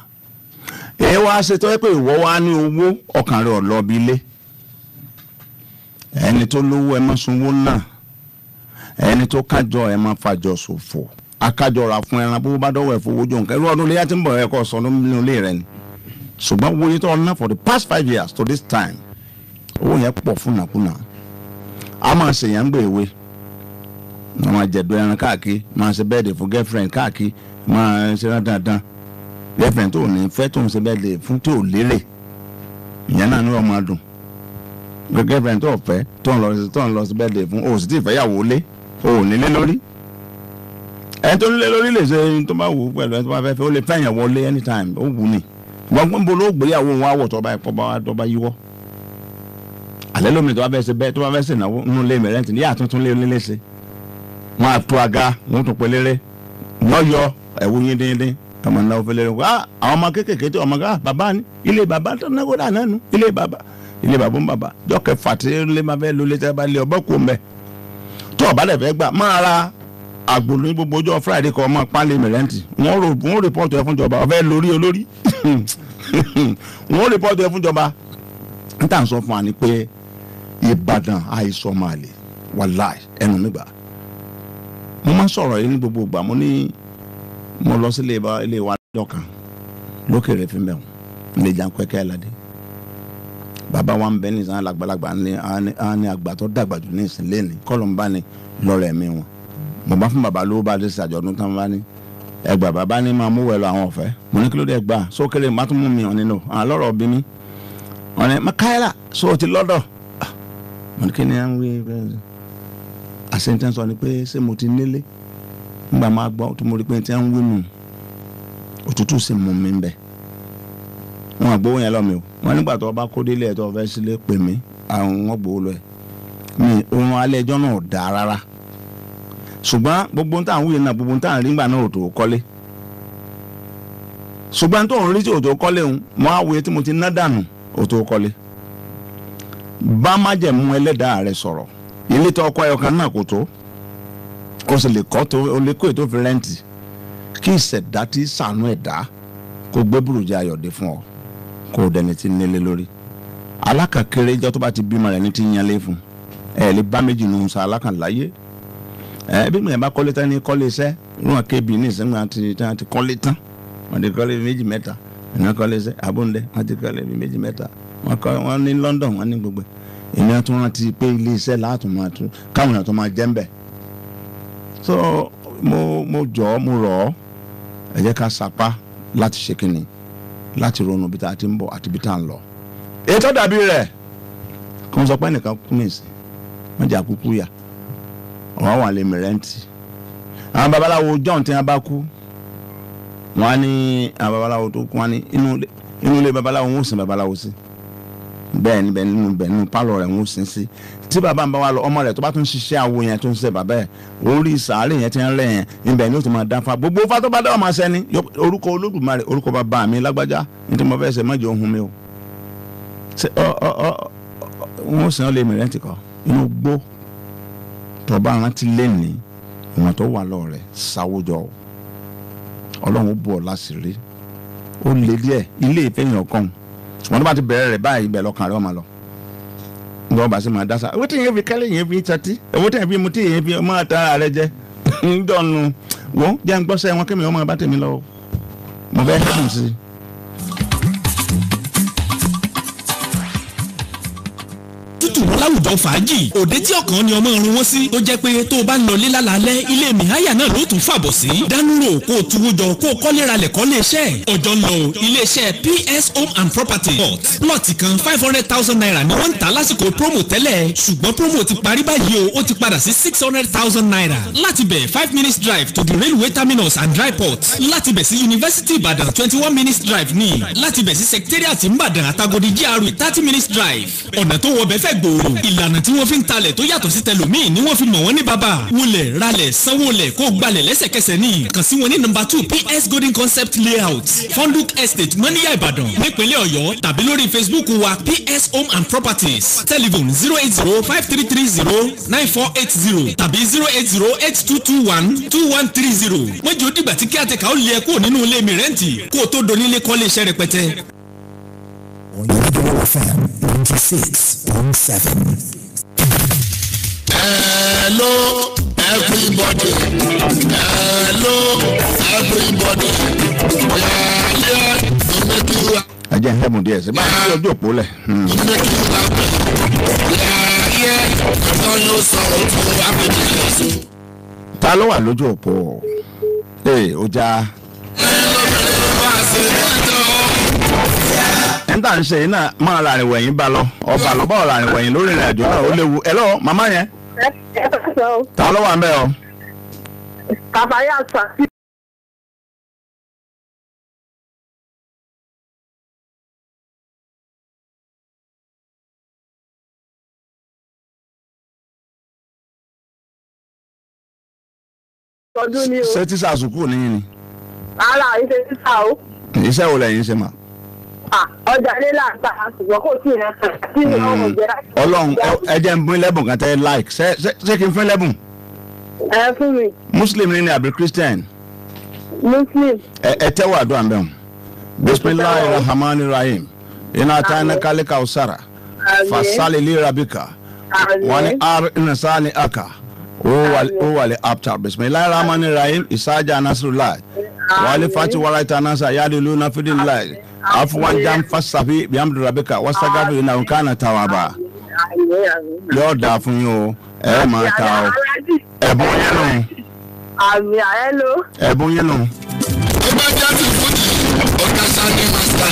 èyí wá ṣe tó yẹ pé ìwọ wá ní owó ọkàn rẹ̀ ọ̀lọ́bi lé ẹni tó lówó ẹ má sanwó náà ẹni tó kájọ ẹ má fàjọ ṣòfò akájọra fún ẹran bó bá dọ́wọ́ ẹ̀ fowó jọ irú ọdún léyà tí ń bọ̀ ẹ̀ kọ́ sọ nínú ilé rẹ ni ṣùgbọ́n owó yẹn tó ọ̀nà for the past five years to this time owó yẹn pọ̀ fún nàkúnà a máa ṣèyàn ń gbèrèwé a máa jẹ̀dọ̀ ẹran káàkiri máa ṣe bẹ́ẹ̀dì fún girlfriend káàkiri máa ṣe rán dandan girlfriend tó ní fẹ́ tó ń ṣe bẹ́ẹ̀dì fún tí ò ìyẹn náà ni wọ́n máa dùn girlfriend tó fẹ́ tó ń lọ sí bẹ́ẹ̀dì fún òsì tí ìfẹ́yàwó ẹni tó nílé lórí lè ṣe ẹni tó bá wù ú pẹ̀lú ẹni tó bá fẹ́ fẹ́ ó lè fẹ́ yàn wọlé anytime ó wù ní gbọ́ngbọ́n bo ló gbéyàwó wọn àwọ̀ tó bá ẹ̀kọ́ bá wà tó bá yíwọ́ alẹ́ lómi tó bá fẹ́ ṣe bẹ́ẹ̀ tó bá fẹ́ ṣe ìnáwó nínú ilé mi rẹ́ǹtì níyà tuntun lé nílé ṣe wọn á tó aga wọn tún pe léré wọn yọ ẹ̀wù yín díndín ọmọ náà fẹ́ léré àwọn ọmọ kéékèèké tó ọmọ ká bàbá ni ilé bàbá tó náwó dà náà nu ilé bàbá ilé bàbá ń bàbá jọ́kẹ́ fàtí lé máa fẹ́ lólé tẹ́ bá lé ọbẹ̀ àgbòló gbogbo ọjọ́ friday kan ọmọ pálí mẹrẹǹtì wọ́n rò wọ́n rìpọ́ọ̀tù ẹ fún ìjọba ọ̀fẹ́ lórí olórí wọ́n rìpọ́ọ̀tù ẹ fún ìjọba n tà ń sọ fún wa ni pé ìbàdàn àìsàn máa lè wàláì ẹnu mi gbà mo máa sọ̀rọ̀ yìí ní gbogbo ìgbà mo ní mo lọ sí ilé wa lọ́kàn lókèrè fún mẹ́wọ̀n ilé Jàǹkẹ́kẹ́ Aládé bàbá wa ń bẹ ní ìsàn àgbàlagbà á ní àgbà tó dàgbà jù ní ìsìn lẹ́ni kọ́lọ̀ ń bá ní lọ́rọ̀ ẹ̀mí wọn bàbá fún bàbá lówó bá dé sàjọdún tán bá ní ẹgbà bàbá ní máa mú wẹ lọ àwọn ọ̀fẹ́ mo ní kí ló dé gbà sókèrè má tún mú mi ọ̀nì nù àwọn lọ́rọ̀ bí mi ọ̀nì makaela so ti lọ́dọ̀ ah, mo ní kí ni à ń wí àṣetẹ́ sọ ni pé ṣé mo ti nílé nígbà máa gbọ́ tí mo rí pé ti à ń wí nù òtútù sì mú mi bẹ̀ wọn àgbówó yẹn lọ mi o wọn nígbà tó bá kó délé ẹ̀ tó fẹ́ sílé pè mí àwọn wọn gbówó mi òun alẹ́ ẹjọ́ náà dáa rárá ṣùgbọ́n gbogbo tá à ń wúye náà gbogbo tá à ń rí gbà náà ò tó kọ́lé ṣùgbọ́n tó ń rí tí ò tó kọ́lé ń mọ́ àwòye tí mo ti ná dànù ò tó kọ́lé bá májẹ̀mú ẹlẹ́dàá rẹ sọ̀rọ̀ ilé tó ọkọ ẹ̀yọ̀kan náà kò tó o sì lè kọ́ tó o lè kó ètò fi rẹ́ǹtì kí ìṣẹ̀dá tí sànú ẹ̀dá kó gbé burújà ayọ̀dẹ fún ọ kó o dẹni tí nílé lórí alákàkéré ìjọ tó bá ti bímọ rẹ ní ti yan lé fún ẹ lè bá méjì nù sọ alákànláyé ẹbí mo yẹn bá kọ́lé tán ní kọ́lé iṣẹ́ wọn kébì ní ìsìn wọn ti tán ti kọ́lé tán wọn ti kọ́lé méjì mẹ́ta ẹ̀nà kọ́lé iṣẹ́ abúndé wọn ti kọ́lé méjì mẹ́ta wọn kọ́ wọn ní London wọn ní gbogbo èmi pé ilé iṣẹ́ káwọn so mo mo jọ mo ẹ ká láti ṣe láti ronú bí tá a ti ń àti bí tá a ń lọ. wọ́n jà wọ́n wà lè mìrẹ́ǹtì àwọn babaláwo john tí wọ́n bá kú wọ́n á ní àwọn babaláwo tó kú wọ́n á ní inú ilé babaláwo wọ́n sin babaláwo sí bẹ́ẹ̀ ni bẹ́ẹ̀ nínú bẹ́ẹ̀ nínú pálọ̀ rẹ̀ wọ́n sin sí tí bàbá ń bá wa lọ ọmọ rẹ̀ tó bá tún ṣiṣẹ́ awo yẹn tó ń ṣe bàbá ẹ̀ orí sàárè yẹn ti ń rẹ̀ yẹn ibẹ̀ ni ó ti máa dáfa gbogbo fa tó bá dá ọmọ sẹ́ni orúkọ olódùmarè orúkọ bàbá mi lágbájá ní tí mo fẹ́ ṣe mọ́jọ ohun mi o ṣe ọ ọ ọ wọ́n sìn ọ́ lé mi rẹ́ǹtì kọ́ inú gbó tó bá rántí lẹ́ni ìwọ̀n tó wà lọ rẹ̀ sáwójọ ọlọ́run ó bù ọ́ láṣìírí ó lé díẹ̀ ilé ìfẹ́yìn ọ̀kan wọn tó bá ti bẹ̀rẹ̀ rẹ̀ báyìí bẹ̀ lọ́kàn rẹ̀ ọmọ lọ gbọ́n bá sì máa dá sa owó tí yẹn fi kẹ́lẹ́ yẹn fi tatí owó tí yẹn fi mutí yẹn fi máa ta ara jẹ ń dọ̀nu wọ́n jẹ́ ń gbọ́ wọn kí mi wọ́n tèmi lọ mo fẹ́ kẹ́kùn sí i. láwùjọ fàájì òde tí ọkàn ni ọmọ ọrùn wọn sí tó jẹ́ pé tó o bá ń lọ lílá lálẹ́ ilé mihaya náà ló tún fàbọ̀ sí dánúrò kó o tuwó jọ kó o kọ́lé ralẹ̀ kọ́lé iṣẹ́ ọjọ́ lọ ilé iṣẹ́ PS Home and Property port plọ̀tì kan five hundred thousand naira ni wọ́n ń ta lásìkò promo tẹ́lẹ̀ ṣùgbọ́n promo ti parí báyìí o ó ti padà sí six hundred thousand naira láti bẹ̀ five minutes drive to the railway terminus and dry port láti bẹ̀ sí University Ìbàdàn twenty one minutes drive Ni. láti bẹ̀ sí secretariat Ìbàdàn àtàgòdì GRA thirty minutes drive ọ̀nà tó wọ bẹ́ẹ̀ fẹ́ gbòòrò ìlànà tí wọ́n fi ń talẹ̀ tó yàtọ̀ sí tẹlòmíì ni wọ́n fi mọ̀ wọ́n ní bàbá wọlẹ̀ ralẹ̀ sanwó kó gbalẹ̀ lẹ́sẹ̀kẹsẹ̀ ní kàn sí wọn ní nọ́mbà two ps golden concept layout fonduk estate mọ́níyà ìbàdàn nípínlẹ̀ ọ̀yọ́ tàbí lórí facebook wa ps home and properties telephone zero eight zero five three three zero nine four eight zero tàbí zero eight zero eight two two one two one three zero mọ́jọ́ dìgbà tí kí àtẹ̀kà ó lé ẹ nínú ilé mi rẹ́ǹtì kó o tó donílé kọ́lé iṣẹ́ rẹpẹtẹ. FM 96.7. Hello, everybody. Hello, everybody. Yeah yeah. here to make you happy. Ẹ jẹ́ ń Yeah díẹ̀ sí. Báyọ̀ ní ọjọ́ I'm lẹ̀. To make you happy. We are here to tell Ta ló wà lójú òpó? Ee, ó já. Ẹ n ń ṣe yìí náà máa la àrìn wẹ̀yìn bá lọ ọba lọ báwo la àrìn wẹ̀yìn lórí ìrìn àjò náà ó léwu ẹ màmá yẹn. ta ló wà ń bẹ o. bàbá yà sà. ṣé nìyí ni. ìṣe o. iṣẹ́ Ah, ọjà ọlọrun ẹ jẹ́ n fún lẹ́bùn kan tẹ́ like ṣé kí n ẹ fún mi. muslim ni ni àbí muslim. ẹ àdúrà ń Bisimilayi rahman rahim iná kálíkà fasalili rabika wani ar aka. owale aptar bisimilahi rahmani rahim isaja anasirulai wale fati waraita anasa yadi luna fidilai afuwan jam fasafi bihamdu rabika wasagafi na nkana tawaba yóò dà fún yín o ẹ máa ta o ẹ̀bùn yín nù. àmì àyẹ ló. yín nù. tó bá já sí fújì ọ̀gá sani masta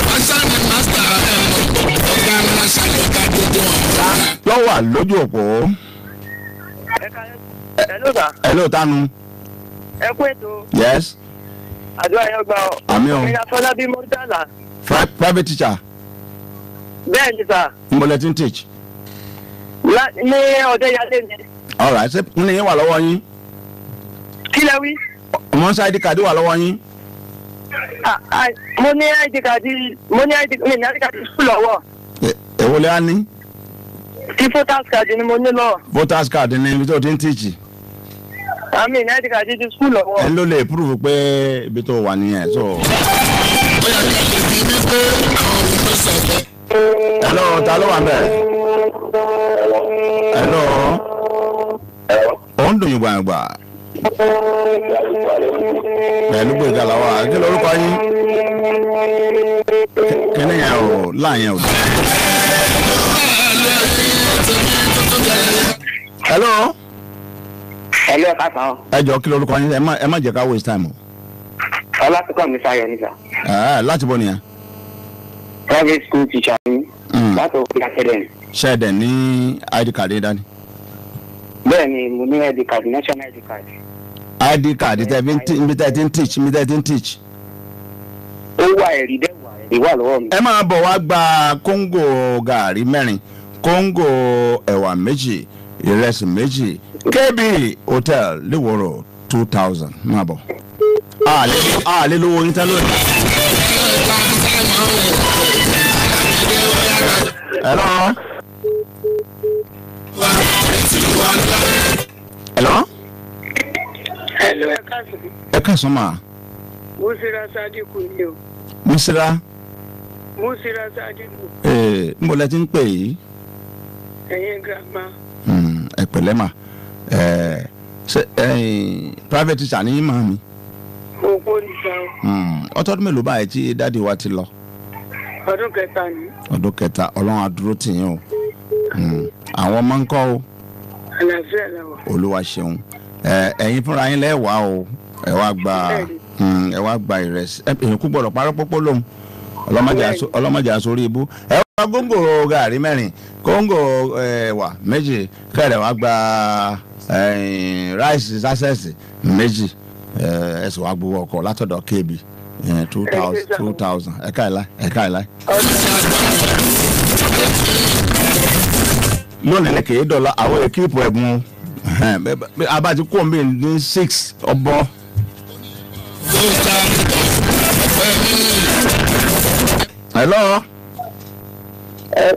àbá sani masta ẹ̀ mọ̀ ọ̀gá sani ọ̀gá dídùn lọ́wọ́ àlójú òpó. hello sir. hello tanu. ẹ kú ètò. yes. àdúrà yẹn gbà ọ. àmì o. ìyá fọlábí mọ́tàlá. private teacher. bẹ́ẹ̀ ni sà. nbọ̀lẹ̀ tí ń teach. la ní ọ̀dẹ́ yálé mi. ọ̀rọ̀ ṣé n ní wà lọ́wọ́ yín. kí lẹ wí. mo ń sa id card wà lọ́wọ́ yín. mo ní id card mo ní id mi ní id card sùn lọ́wọ́. èwo lè ti voters card ni mo ní lọ. voters card ni tó ti ń àmì náírà àti ti skul lọ́wọ́. ẹ ló lè púrúfù pé ibi tó wà nìyẹn sọ. hello ta ló wà mẹ. hello. òun dùn yín gbàngbà. pẹ̀lú gbèjà làwà kí lórúkọ yín. kíni yẹn o láàyè o. hello ẹlẹ́ ọ̀ká sàn. ẹ jọ kí lorúkọ yín ẹ má jẹ ká waste time o. ọlátúkọ̀ mi sáyẹ níta. Ah, láti bọ̀ nìyẹn. private school teacher mi. Hmm. láti òkè akẹ́dẹ̀mí. ṣẹ́ẹ̀dẹ̀ ní id card yín dání. bẹ́ẹ̀ni mo ní id card national id card. id card tẹ mi tẹ ti ń teach mi tẹ ti ń teach. ó wà ẹ̀rí dẹ́wà ẹ̀rí wà lọ́wọ́ mi. ẹ máa bọ̀ wá gba kóńgò gàárì mẹ́rin kóńgò ẹ̀wà méjì ìrẹsì méjì kb hotel leworo two thousand máa bọ̀ àlè lówó yín tán lónìí. hello. hello. hello ẹ káàsán. ẹ káàsán mà. musira sadiku ni o. musira. musira sadiku. ee n bọ̀dọ̀ ti ń pè yìí. ẹ̀yin grandma. Hmm, ẹ pẹ̀lẹ́ mà. private teacher ni mi. Hmm, mélòó báyìí tí dáàdi wa ti lọ. ọdún kẹta ni. ọdún o hmm, àwọn ọmọ o. àlàáfíà olúwa ṣeun fúnra yín o ẹ wá gba hmm, ẹ wá gba ìrẹsì kú parọ́ pọ́pọ́ ọlọ́mọdé ibú ẹ wá gàrí mẹ́rin rice access méjì ẹsẹ̀ wa ọkọ ọkọ̀ látọ̀dọ̀ kb two thousand two thousand ẹ̀ka ẹ̀la ẹ̀ka lónìí ni kìí dọ̀la àwọn èkìpù ẹ̀bùn abájú kò mí ní six ọbọ. hello.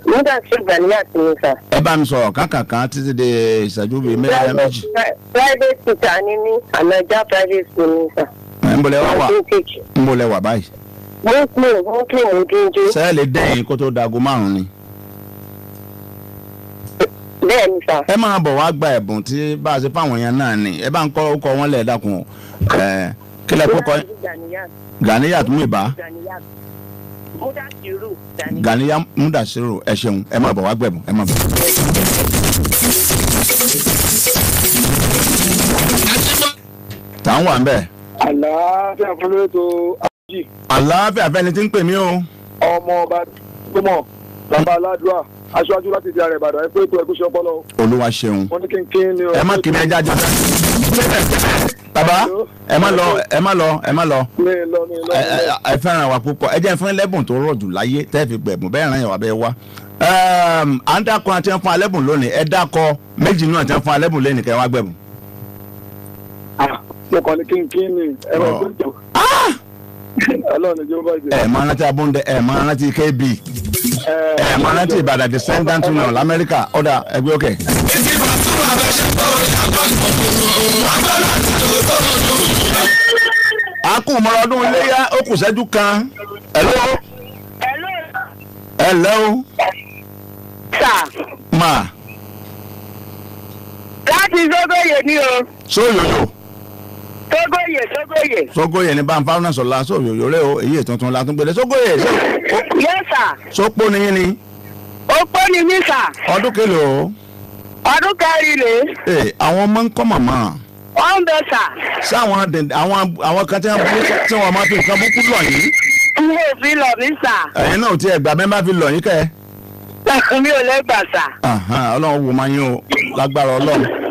nígbà tí ìgbàlẹ́ àti nìkan. ẹ bá mi sọ̀rọ̀ kákàká títí de ìṣẹ́jú bíi mẹ́rin méjì. private teacher ni mí ànájà private school ni sà. ń bọ̀lẹ̀ wà wà ń bọ̀lẹ̀ wà báyìí. muslim muslim ojoojú. sẹ́ẹ̀lì dẹ́yìn kó tó dago márùn-ún ni. bẹ́ẹ̀ sà. ẹ máa bọ̀ wá gba ẹ̀bùn tí bá a ṣe fáwọn yẹn náà ni ẹ bá ń kọ́ ọkọ̀ wọn lẹ̀ dákun kílẹ̀ kókọ́ Ganiyat mú ìbá. Ganiyat Ganiya Mudasiru ẹ ṣeun ẹ máa wá ẹ máa ń wà ń bẹ̀. àlàáfíà fún àjì. àlàáfíà fẹ́ni tí ń pè mí o. ọmọ ọba gbọmọ bàbá aládùá aṣáájú láti di ààrẹ ìbàdàn ẹ pé ọpọlọ. olúwa ṣeun. Baba! ẹ má lọ ẹ má lọ ẹ má lọ ẹ fẹ́ràn wa púpọ̀ ẹ jẹ́ fún lẹ́bùn tó rọ̀ láyé tẹ́ fi gbẹ̀bùn bẹ́ẹ̀ ràn yàn wá bẹ́ẹ̀ wá. à ń dákọ àti fún alẹ́bùn lónìí ẹ dákọ méjì náà ti fún alẹ́bùn lónìí kẹ́ wá gbẹ̀bùn. Ah, mo kàn ní kínkín ni ẹ bá tó ah! máa rántí abúndé ẹ máa rántí kb. ẹ mọ the Ìbàdàn descendant union america ọ̀dà ẹgbẹ́ òkè. a kù ọdún iléyà ó kù kan. sà. ma. láti sọ́gbẹ́yẹ ni o. sóyòyò. So, sọgọyẹ sọgọyẹ. sọgọyẹ ni bàbá fáwọn sọlá sọyọyọ rẹ o èyí tuntun la tún gbélé sọgọyẹ. yes sir. sọpọ ni yín ni. opó ni mí sà. ọdún kélòó. ọdún kẹrin lè. ee àwọn ọmọ ń kọ́ màmá. wọ́n ń bẹ sà. ṣé àwọn dèndé àwọn àwọn kan tí wọ́n bú tí wọ́n máa fi nǹkan búkú lọ yìí. n fi lọ mí sà. ẹ̀yin náà ti ẹ̀gbà mẹ́ bá fi lọ yín kẹ́. mi ò lẹ́gbà sà. ọlọ́run wò máa yín o lágbára ọlọ́run.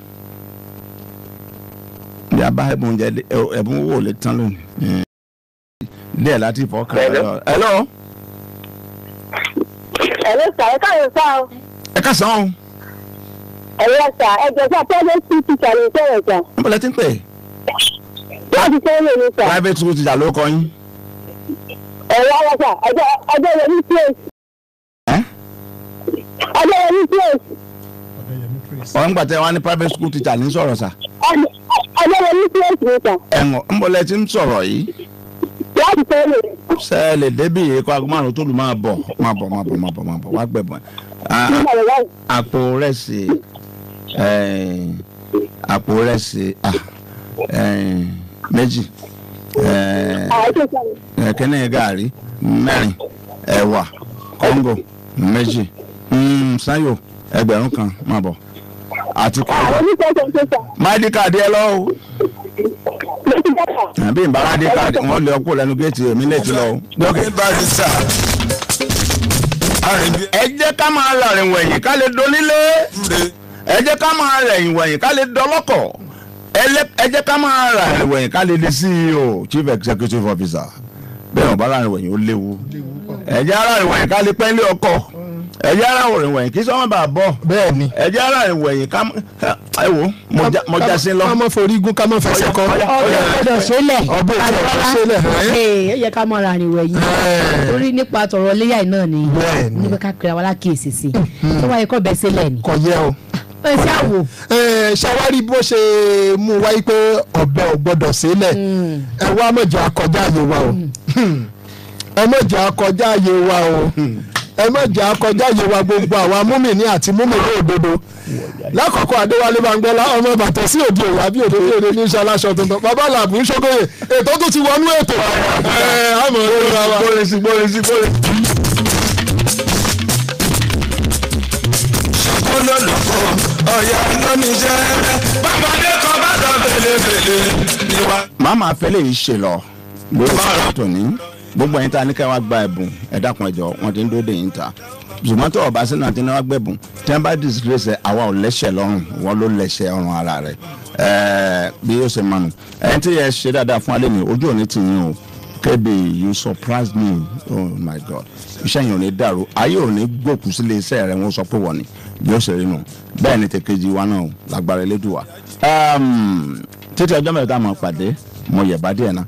bí a bá ẹ̀bùn jẹ ẹ̀bùn wò lè tán lónìí. díẹ̀ láti fọ́ kàn án lọ. hello. hello sir o. ẹ káàsán o. sà ẹ jẹ́ sá private school teacher ní ń bọ̀lẹ́ tí ń pè. láti sẹ́yìn ní sà. private school teacher ló kọ́ yín. ẹ̀rọ ara sà ẹjọ́ ẹjọ́ yẹn ní place. ẹjọ́ yẹn ní place ọ̀ ń gbàtẹ́ wa ní private school teacher ní sọ̀rọ̀ sà. ọ̀dọ́dọ̀ ní kílẹ̀sì mi sà. ẹ̀wọ̀n ń bọ̀ lẹ ti ń sọ̀rọ̀ yìí. láti tẹ́lẹ̀. sẹ́ẹ̀lì débì ikọ̀ aago márùn-ún tó lù máa bọ̀ máa bọ̀ máa bọ̀ máa bọ̀ máa bọ̀ wá gbẹ̀bọ̀. àpò rẹ̀sì àpò rẹ̀sì méjì kẹ́ni gàrí mẹ́rin ẹ̀wà kóńgò méjì mm, sayo ẹgbẹ̀rún kan máa bọ̀ àti kú. Ah, máìdí káàdì ẹ lọ o. àbí ìbáradì káàdì wọn lè kó lẹ́nu géètì èmi lè ti lọ o. lókè bá ti sà. ẹ jẹ́ ká máa làrìn wẹ̀yìn ká lè donílé. ẹ jẹ́ ká máa rẹ̀yìn wẹ̀yìn ká lè dọlọ́kọ̀. ẹ jẹ́ ká máa ràrìn wẹ̀yìn ká lè di CEO chief executive officer. bẹ́ẹ̀ ọ̀bá ràrìn wẹ̀yìn ó léwu. ẹ jẹ́ ara rẹ̀ wẹ̀yìn ká lè pẹ́ńlẹ̀ ọkọ̀ ẹjẹ ara òrìn wẹ̀yìn kí sọ́wọ́n bá bọ̀ bẹ́ẹ̀ni ẹjẹ ara òrìn wẹ̀yìn ká ẹ wò mo já sí lọ. ká mọ forí gún ká mọ fẹsẹ̀ kọ. ọ̀yà gbọ́dọ̀ sílẹ̀ ọ̀bọ̀ ìfọ̀rọ̀ sílẹ̀. ẹ yẹ ká mọ ara rìn wẹ̀yìn torí nípa tọ̀rọ̀ léyà náà ni nípa ká pèrè àwọn alákìyèsí sí hmm. tó wáyé kọ́ bẹ́ sílẹ̀ ni. kò yẹ o ẹ ṣe àwò. ẹ ṣàwárí bó ṣe mú wáyé pé ọ̀bẹ ò gbọ́dọ̀ sílẹ̀ hmm. ẹ wá mọ̀jọ akọjá yìí wá o. Hmm ẹ mọ̀jà akọjá àyè wa o ẹ mọ̀jà akọjá àyè wa gbogbo àwa múmìnì àti múmìnì òdodo lákọ̀ọ́kọ́ adéwálé bangbọ́lá ọmọ bàtẹ́ sí òde òwò àbí òde òde ní iṣẹ́ aláṣọ tuntun bàbá làbù ń ṣókòyè ètò tó ti wọnú ètò ẹ àmọ̀ ẹ ra wa. gbọ́lẹ̀sì gbọ́lẹ̀sì gbọ́lẹ̀sì. ṣàkóló lọ́kọ̀ ọ̀yà lóníṣẹ́ bàbá lẹ́kọ̀ọ́ bàtà fèlèfèlè. màmá fẹ́lẹ̀ gbogbo ẹ̀yin tá a ní ká wá gba ẹ̀bùn ẹ dákun ẹ jọ̀ọ́ wọ́n ti ń dóde yín ta ṣùgbọ́n tó ọba sínú àti náà gbẹ̀bùn tí wọ́n àwa ò lẹ́sẹ̀ lọ́rùn wọ́n ló lẹ́sẹ̀ ọ̀run ara rẹ̀ bí yóò ṣe mọ̀nù ẹni tí yẹ ṣe dáadáa fún alẹ́ mi ojú òní ti yín o kébè you surprise me oh my god iṣẹ́ yìí ò ní dàrú ayé ò ní gbòkú sílé iṣẹ́ rẹ̀ wọ́n sọ pé wọ́n ni yóò ṣe rí nù bẹ́ẹ̀ ni tèkejì wa náà lágbára elédùn wa títí ọjọ́ mẹ́ta mọ̀ pàdé mo yẹ̀ bá díẹ̀ ná.